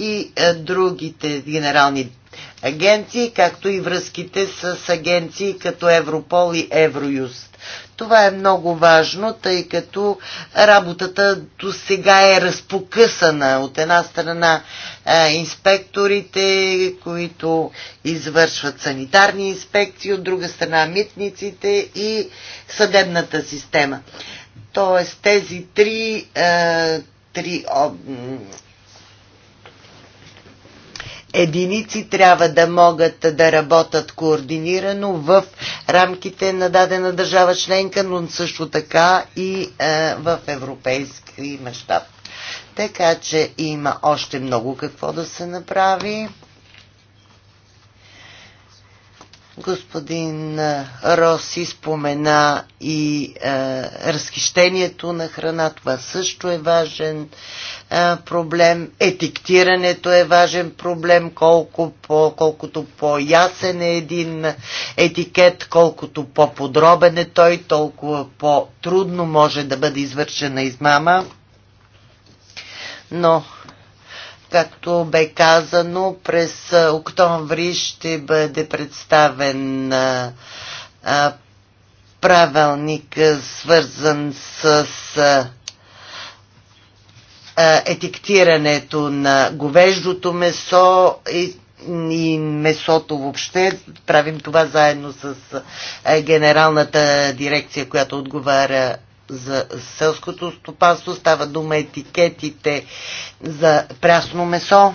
и е, другите генерални агенции, както и връзките с агенции като Европол и Евроюст. Това е много важно, тъй като работата до сега е разпокъсана. От една страна а, е, инспекторите, които извършват санитарни инспекции, от друга страна митниците и съдебната система. Тоест тези три, а, е, три об, единици трябва да могат да работят координирано в рамките на дадена държава членка, но също така и е, в европейски мащаб. Така че има още много какво да се направи. Господин Роси спомена и е, разхищението на храна. Това също е важен е, проблем. Етиктирането е важен проблем. Колко по, колкото по-ясен е един етикет, колкото по-подробен е той, толкова по-трудно може да бъде извършена измама. Но Както бе казано, през октомври ще бъде представен правилник, свързан с етиктирането на говеждото месо и и месото въобще. Правим това заедно с генералната дирекция, която отговаря за селското стопанство, става дума етикетите за прясно месо.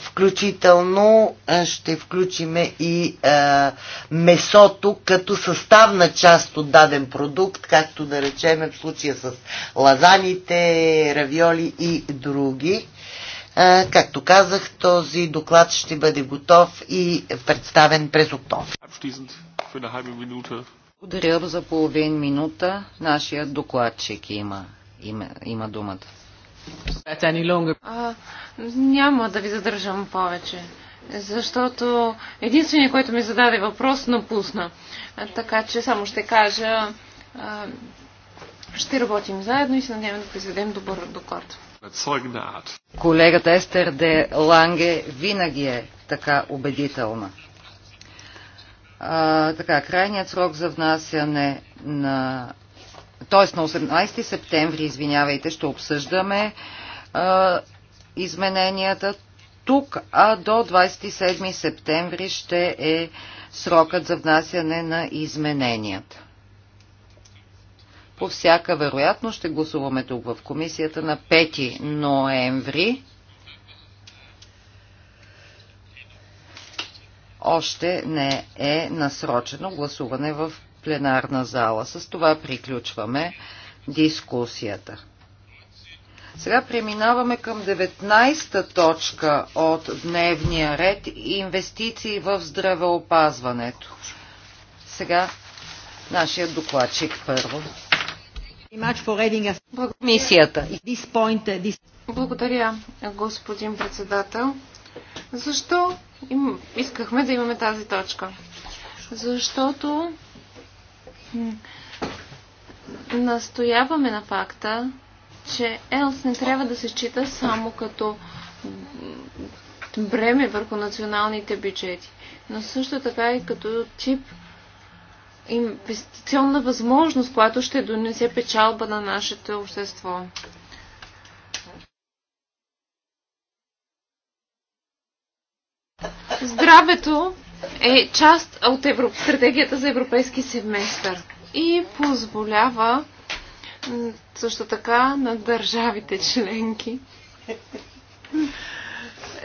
Включително ще включиме и е, месото като съставна част от даден продукт, както да речем в случая с лазаните, равиоли и други. Е, както казах, този доклад ще бъде готов и представен през октомври. Благодаря за половин минута. Нашия докладчик има, има, има думата. А, няма да ви задържам повече, защото единственият, който ми зададе въпрос, напусна. така че само ще кажа, а, ще работим заедно и се надяваме да произведем добър доклад. Колегата Естер де Ланге винаги е така убедителна така, крайният срок за внасяне на... Тоест на 18 септември, извинявайте, ще обсъждаме а, измененията тук, а до 27 септември ще е срокът за внасяне на измененията. По всяка вероятност ще гласуваме тук в комисията на 5 ноември. още не е насрочено гласуване в пленарна зала. С това приключваме дискусията. Сега преминаваме към 19-та точка от дневния ред инвестиции в здравеопазването. Сега нашия докладчик първо. Мисията. Благодаря, господин председател. Защо им, искахме да имаме тази точка. Защото настояваме на факта, че ЕЛС не трябва да се счита само като бреме върху националните бюджети, но също така и като тип инвестиционна възможност, която ще донесе печалба на нашето общество. Здравето е част от Европ... стратегията за европейски семестър и позволява също така на държавите членки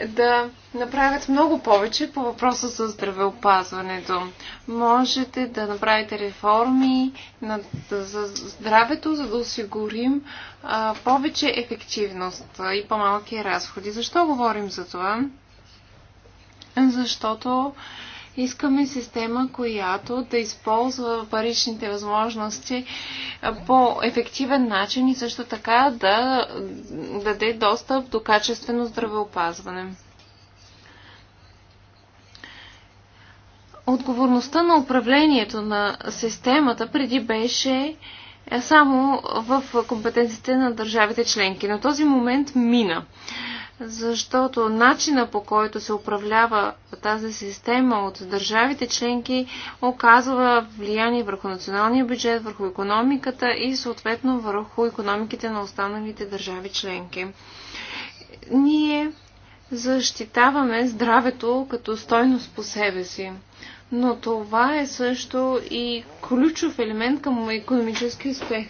да направят много повече по въпроса за здравеопазването. Можете да направите реформи на, за здравето, за да осигурим а, повече ефективност и по-малки разходи. Защо говорим за това? защото искаме система, която да използва паричните възможности по ефективен начин и също така да даде достъп до качествено здравеопазване. Отговорността на управлението на системата преди беше е, само в компетенциите на държавите членки. На този момент мина защото начина по който се управлява тази система от държавите членки оказва влияние върху националния бюджет, върху економиката и съответно върху економиките на останалите държави членки. Ние защитаваме здравето като стойност по себе си. Но това е също и ключов елемент към економически успех.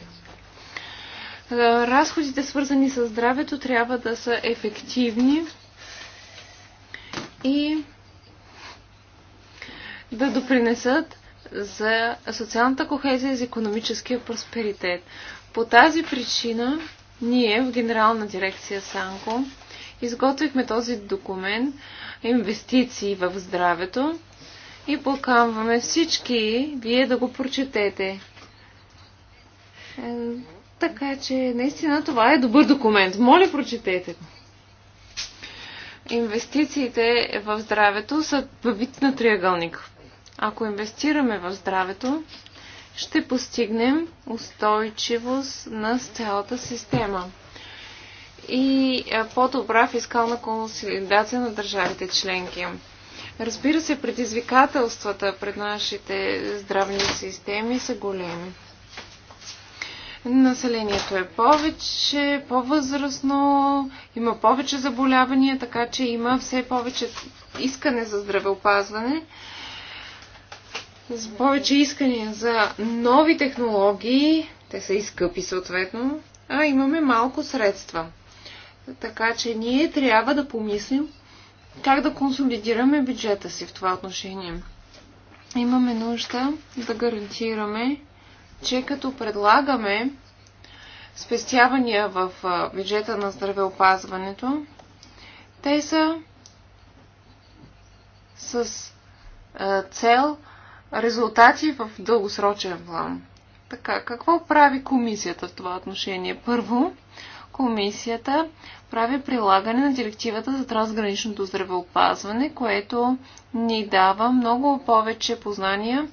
Е, разходите, свързани с здравето, трябва да са ефективни и да допринесат за социалната кохезия и за економическия просперитет. По тази причина ние в Генерална дирекция Санко изготвихме този документ Инвестиции в здравето и покамваме всички вие да го прочетете. Е, така че, наистина, това е добър документ. Моля, прочетете го. Инвестициите в здравето са вид на триъгълник. Ако инвестираме в здравето, ще постигнем устойчивост на цялата система и е, по-добра фискална консолидация на държавите членки. Разбира се, предизвикателствата пред нашите здравни системи са големи. Населението е повече, по-възрастно, има повече заболявания, така че има все повече искане за здравеопазване, с повече искания за нови технологии, те са изкъпи съответно, а имаме малко средства. Така че ние трябва да помислим как да консолидираме бюджета си в това отношение. Имаме нужда да гарантираме че като предлагаме спестявания в бюджета на здравеопазването, те са с цел резултати в дългосрочен план. Така, какво прави комисията в това отношение? Първо, комисията прави прилагане на директивата за трансграничното здравеопазване, което ни дава много повече познания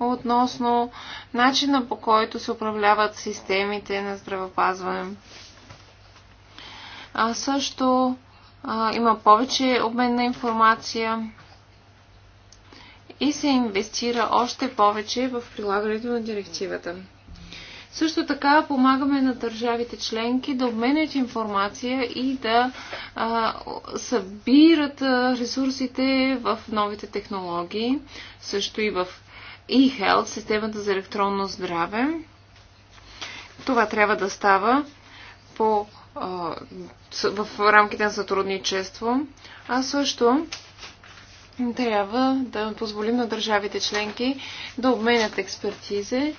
относно начина по който се управляват системите на здравеопазване. А също а, има повече обмен на информация и се инвестира още повече в прилагането на директивата. Също така помагаме на държавите членки да обменят информация и да а, събират ресурсите в новите технологии, също и в e-health, системата за електронно здраве. Това трябва да става по, в рамките на сътрудничество, а също трябва да позволим на държавите членки да обменят експертизе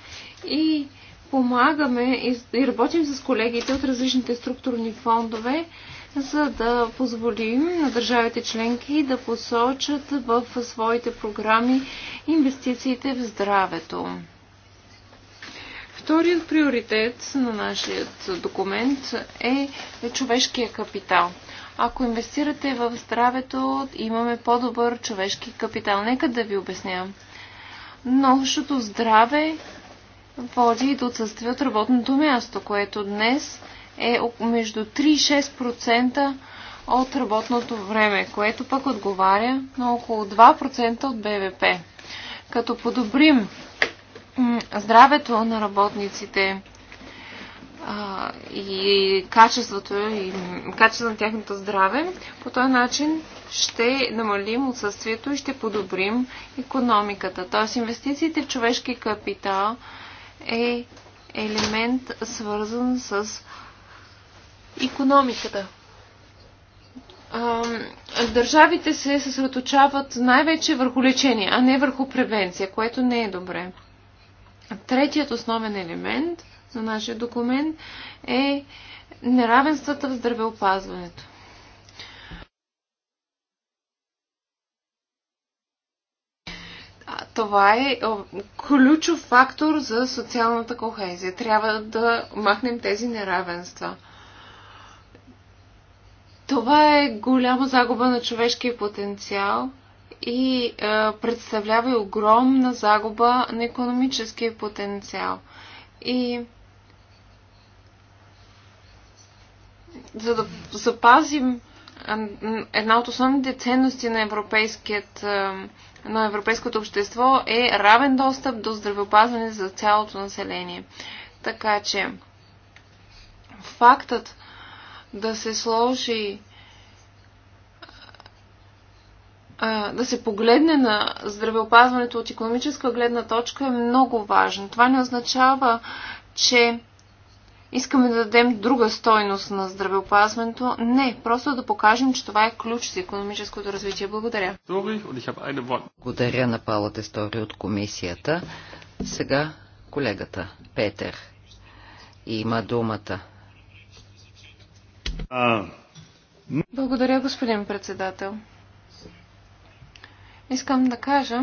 и помагаме и работим с колегите от различните структурни фондове, за да позволим на държавите членки да посочат в своите програми инвестициите в здравето. Вторият приоритет на нашия документ е човешкия капитал. Ако инвестирате в здравето, имаме по-добър човешки капитал. Нека да ви обясня. Новшото здраве води до отсъствие от работното място, което днес е между 3 и 6% от работното време, което пък отговаря на около 2% от БВП. Като подобрим здравето на работниците и качеството и качеството на тяхното здраве, по този начин ще намалим отсъствието и ще подобрим економиката. Т.е. инвестициите в човешки капитал е елемент свързан с економиката. Държавите се съсредоточават най-вече върху лечение, а не върху превенция, което не е добре. Третият основен елемент на нашия документ е неравенствата в здравеопазването. това е ключов фактор за социалната кохезия. Трябва да махнем тези неравенства. Това е голяма загуба на човешкия потенциал и е, представлява и огромна загуба на економическия потенциал. И за да запазим една от основните ценности на, европейският, на европейското общество е равен достъп до здравеопазване за цялото население. Така че фактът, да се сложи да се погледне на здравеопазването от економическа гледна точка е много важно. Това не означава, че искаме да дадем друга стойност на здравеопазването. Не, просто да покажем, че това е ключ за економическото развитие. Благодаря. Благодаря на Пала Тестори от комисията. Сега колегата Петър има думата. Благодаря, господин председател. Искам да кажа,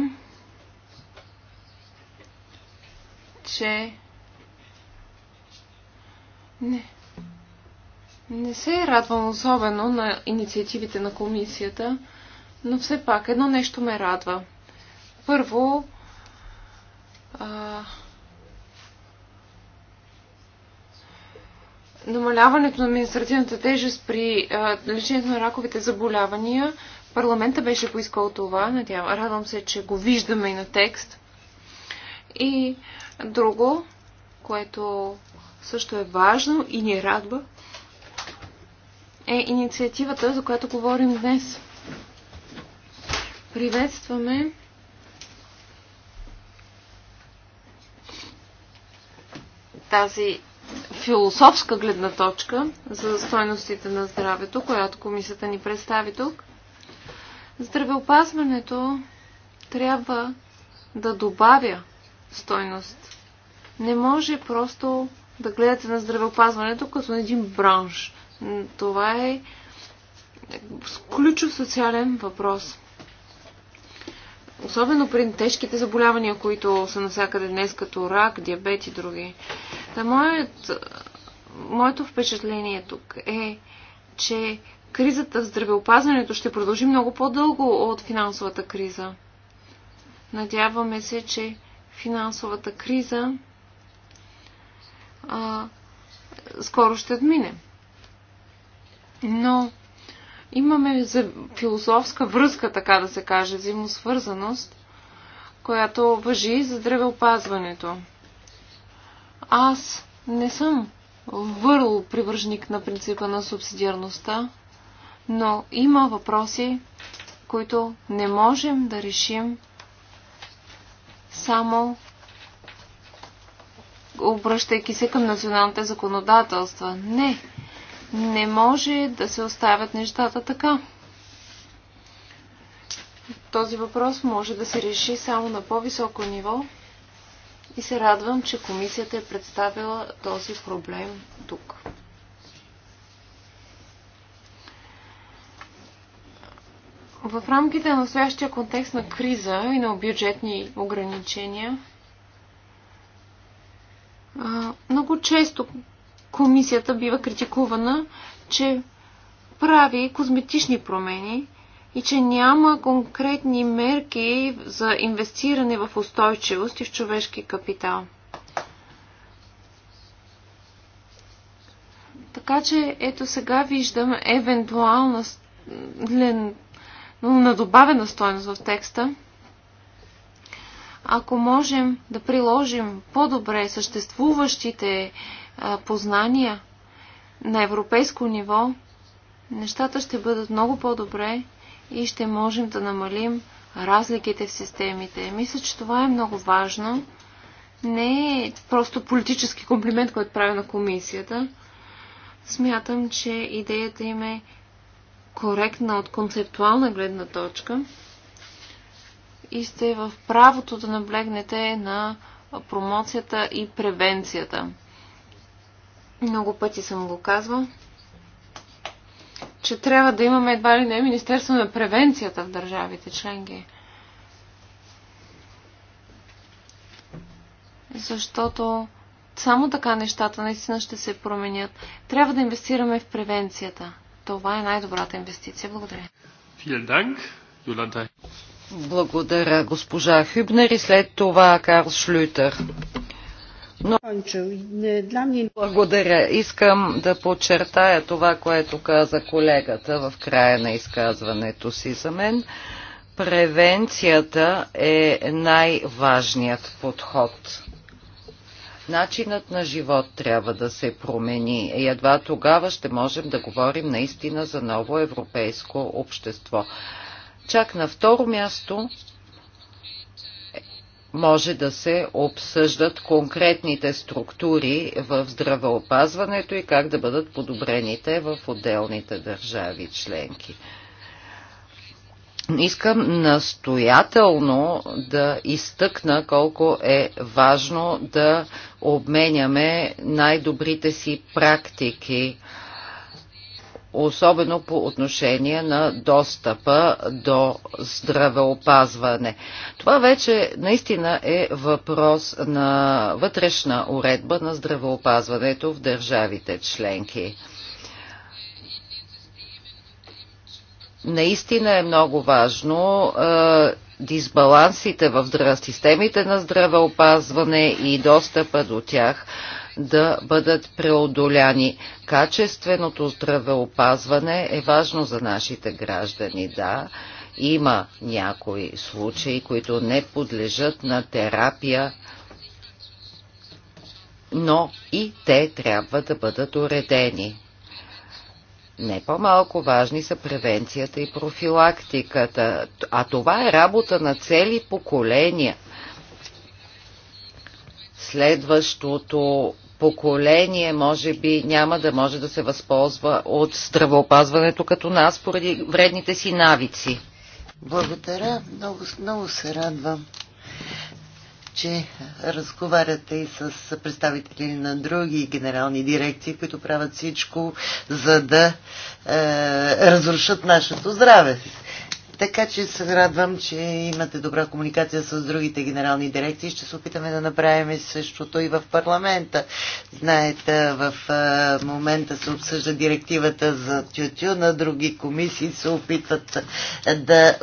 че не. Не се радвам особено на инициативите на комисията, но все пак едно нещо ме радва. Първо, а, намаляването на административната тежест при а, лечението на раковите заболявания, парламента беше поискал това. Надявам, радвам се, че го виждаме и на текст. И друго, което също е важно и ни радва, е инициативата, за която говорим днес. Приветстваме тази философска гледна точка за стойностите на здравето, която комисията ни представи тук. Здравеопазването трябва да добавя стойност. Не може просто да гледате на здравеопазването като на един бранш. Това е ключов социален въпрос. Особено при тежките заболявания, които са навсякъде днес, като рак, диабет и други. Та моят, моето впечатление тук е, че кризата в здравеопазването ще продължи много по-дълго от финансовата криза. Надяваме се, че финансовата криза а, скоро ще отмине. Но имаме философска връзка, така да се каже, взаимосвързаност, която въжи за здравеопазването. Аз не съм върл привържник на принципа на субсидиарността, но има въпроси, които не можем да решим само обръщайки се към националните законодателства. Не, не може да се оставят нещата така. Този въпрос може да се реши само на по-високо ниво и се радвам, че комисията е представила този проблем тук. В рамките на настоящия контекст на криза и на бюджетни ограничения, много често комисията бива критикувана, че прави козметични промени, и че няма конкретни мерки за инвестиране в устойчивост и в човешки капитал. Така че ето сега виждам евентуална надобавена стоеност в текста. Ако можем да приложим по-добре съществуващите а, познания на европейско ниво, нещата ще бъдат много по-добре и ще можем да намалим разликите в системите. Мисля, че това е много важно. Не е просто политически комплимент, който правя на комисията. Смятам, че идеята им е коректна от концептуална гледна точка и сте в правото да наблегнете на промоцията и превенцията. Много пъти съм го казвал че трябва да имаме едва ли не Министерство на превенцията в държавите членки. Защото само така нещата наистина ще се променят. Трябва да инвестираме в превенцията. Това е най-добрата инвестиция. Благодаря. Благодаря, госпожа Хюбнер и след това Карл Шлютер. Благодаря. Искам да подчертая това, което каза колегата в края на изказването си за мен. Превенцията е най-важният подход. Начинът на живот трябва да се промени и едва тогава ще можем да говорим наистина за ново европейско общество. Чак на второ място може да се обсъждат конкретните структури в здравеопазването и как да бъдат подобрените в отделните държави членки. Искам настоятелно да изтъкна колко е важно да обменяме най-добрите си практики особено по отношение на достъпа до здравеопазване. Това вече наистина е въпрос на вътрешна уредба на здравеопазването в държавите членки. Наистина е много важно дисбалансите в системите на здравеопазване и достъпа до тях да бъдат преодоляни. Качественото здравеопазване е важно за нашите граждани, да. Има някои случаи, които не подлежат на терапия, но и те трябва да бъдат уредени. Не по-малко важни са превенцията и профилактиката, а това е работа на цели поколения. Следващото поколение може би няма да може да се възползва от здравеопазването като нас поради вредните си навици. Благодаря. Много, много се радвам, че разговаряте и с представители на други генерални дирекции, които правят всичко, за да е, разрушат нашето здраве. Така че се радвам, че имате добра комуникация с другите генерални дирекции. Ще се опитаме да направим същото и в парламента. Знаете, в момента се обсъжда директивата за тютю, на други комисии се опитват да да,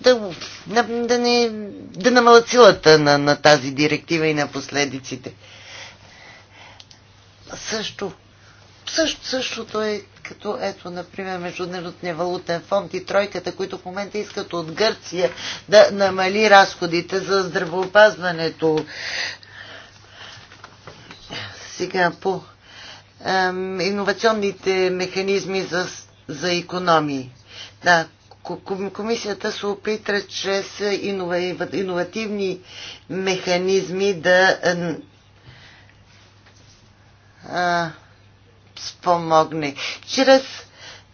да, да, не, да намалят силата на, на тази директива и на последиците. Също също, същото е като ето, например, Международния валутен фонд и тройката, които в момента искат от Гърция да намали разходите за здравеопазването. Сега по ем, иновационните механизми за, за економии. Да, комисията се опитра чрез иновативни механизми да а, спомогне. Чрез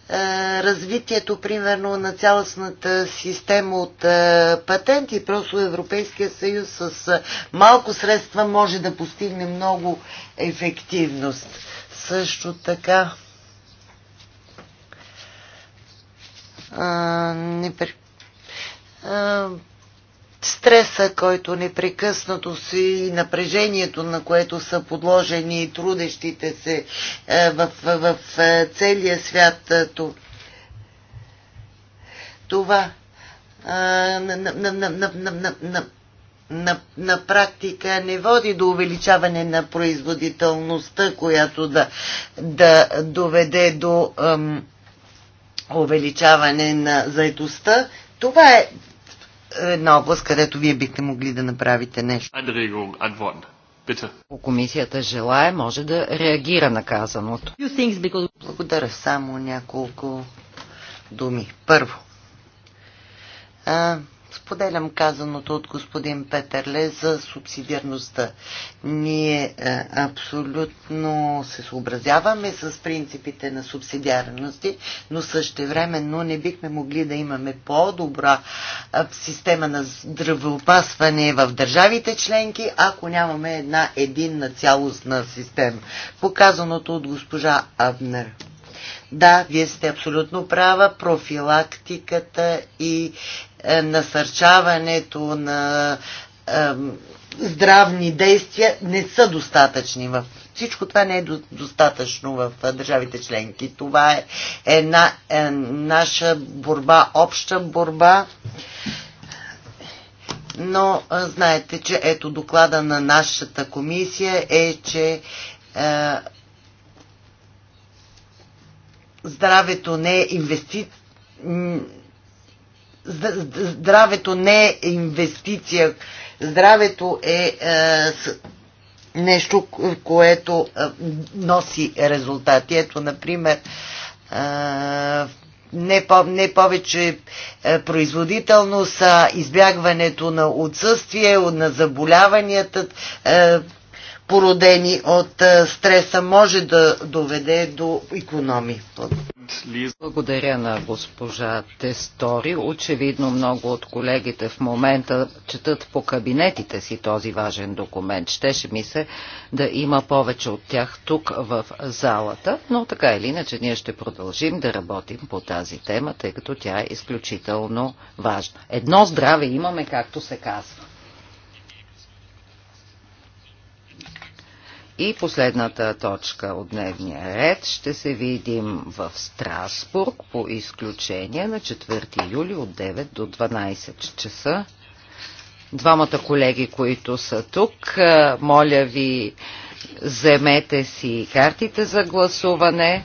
е, развитието, примерно, на цялостната система от е, патенти. Просто Европейския съюз с е, малко средства може да постигне много ефективност. Също така а, не, а, стреса, който непрекъснато си и напрежението, на което са подложени и трудещите се е, в, в, в е, целия свят. Е, това на, на, на, на, на, на, на, на практика не води до увеличаване на производителността, която да, да доведе до ам, увеличаване на заедостта. Това е една област, където вие бихте могли да направите нещо. Ако комисията желая, може да реагира на казаното. Благодаря само няколко думи. Първо, а, Споделям казаното от господин Петърле за субсидиарността. Ние е, абсолютно се съобразяваме с принципите на субсидиарности, но същевременно не бихме могли да имаме по-добра е, система на здравеопасване в държавите членки, ако нямаме една единна цялостна система. Показаното от госпожа Абнер. Да, вие сте абсолютно права. Профилактиката и е, е, насърчаването на е, здравни действия не са достатъчни в всичко това не е достатъчно в е, държавите членки. Това е една е, наша борба, обща борба. Но е, знаете, че ето доклада на нашата комисия е, че е, здравето не е инвестиция здравето не е инвестиция, здравето е, е нещо, което е, носи резултати. Ето, например, е, не, по, не повече е, производителност, а избягването на отсъствие, на заболяванията, е, породени от е, стреса, може да доведе до економи. Благодаря на госпожа Тестори. Очевидно много от колегите в момента четат по кабинетите си този важен документ. Щеше ми се да има повече от тях тук в залата, но така или иначе ние ще продължим да работим по тази тема, тъй като тя е изключително важна. Едно здраве имаме, както се казва. И последната точка от дневния ред ще се видим в Страсбург по изключение на 4 юли от 9 до 12 часа. Двамата колеги, които са тук, моля ви, вземете си картите за гласуване.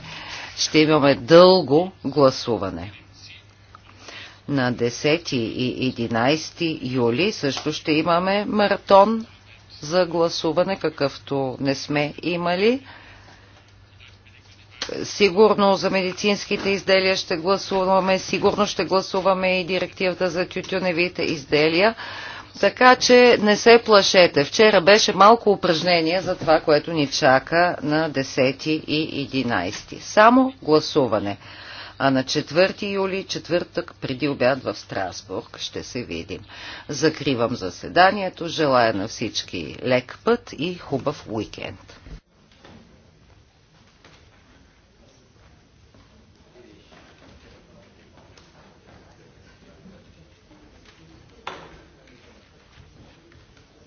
Ще имаме дълго гласуване. На 10 и 11 юли също ще имаме маратон за гласуване, какъвто не сме имали. Сигурно за медицинските изделия ще гласуваме, сигурно ще гласуваме и директивата за тютюневите изделия. Така че не се плашете. Вчера беше малко упражнение за това, което ни чака на 10 и 11. Само гласуване а на 4 юли, четвъртък, преди обяд в Страсбург, ще се видим. Закривам заседанието, желая на всички лек път и хубав уикенд.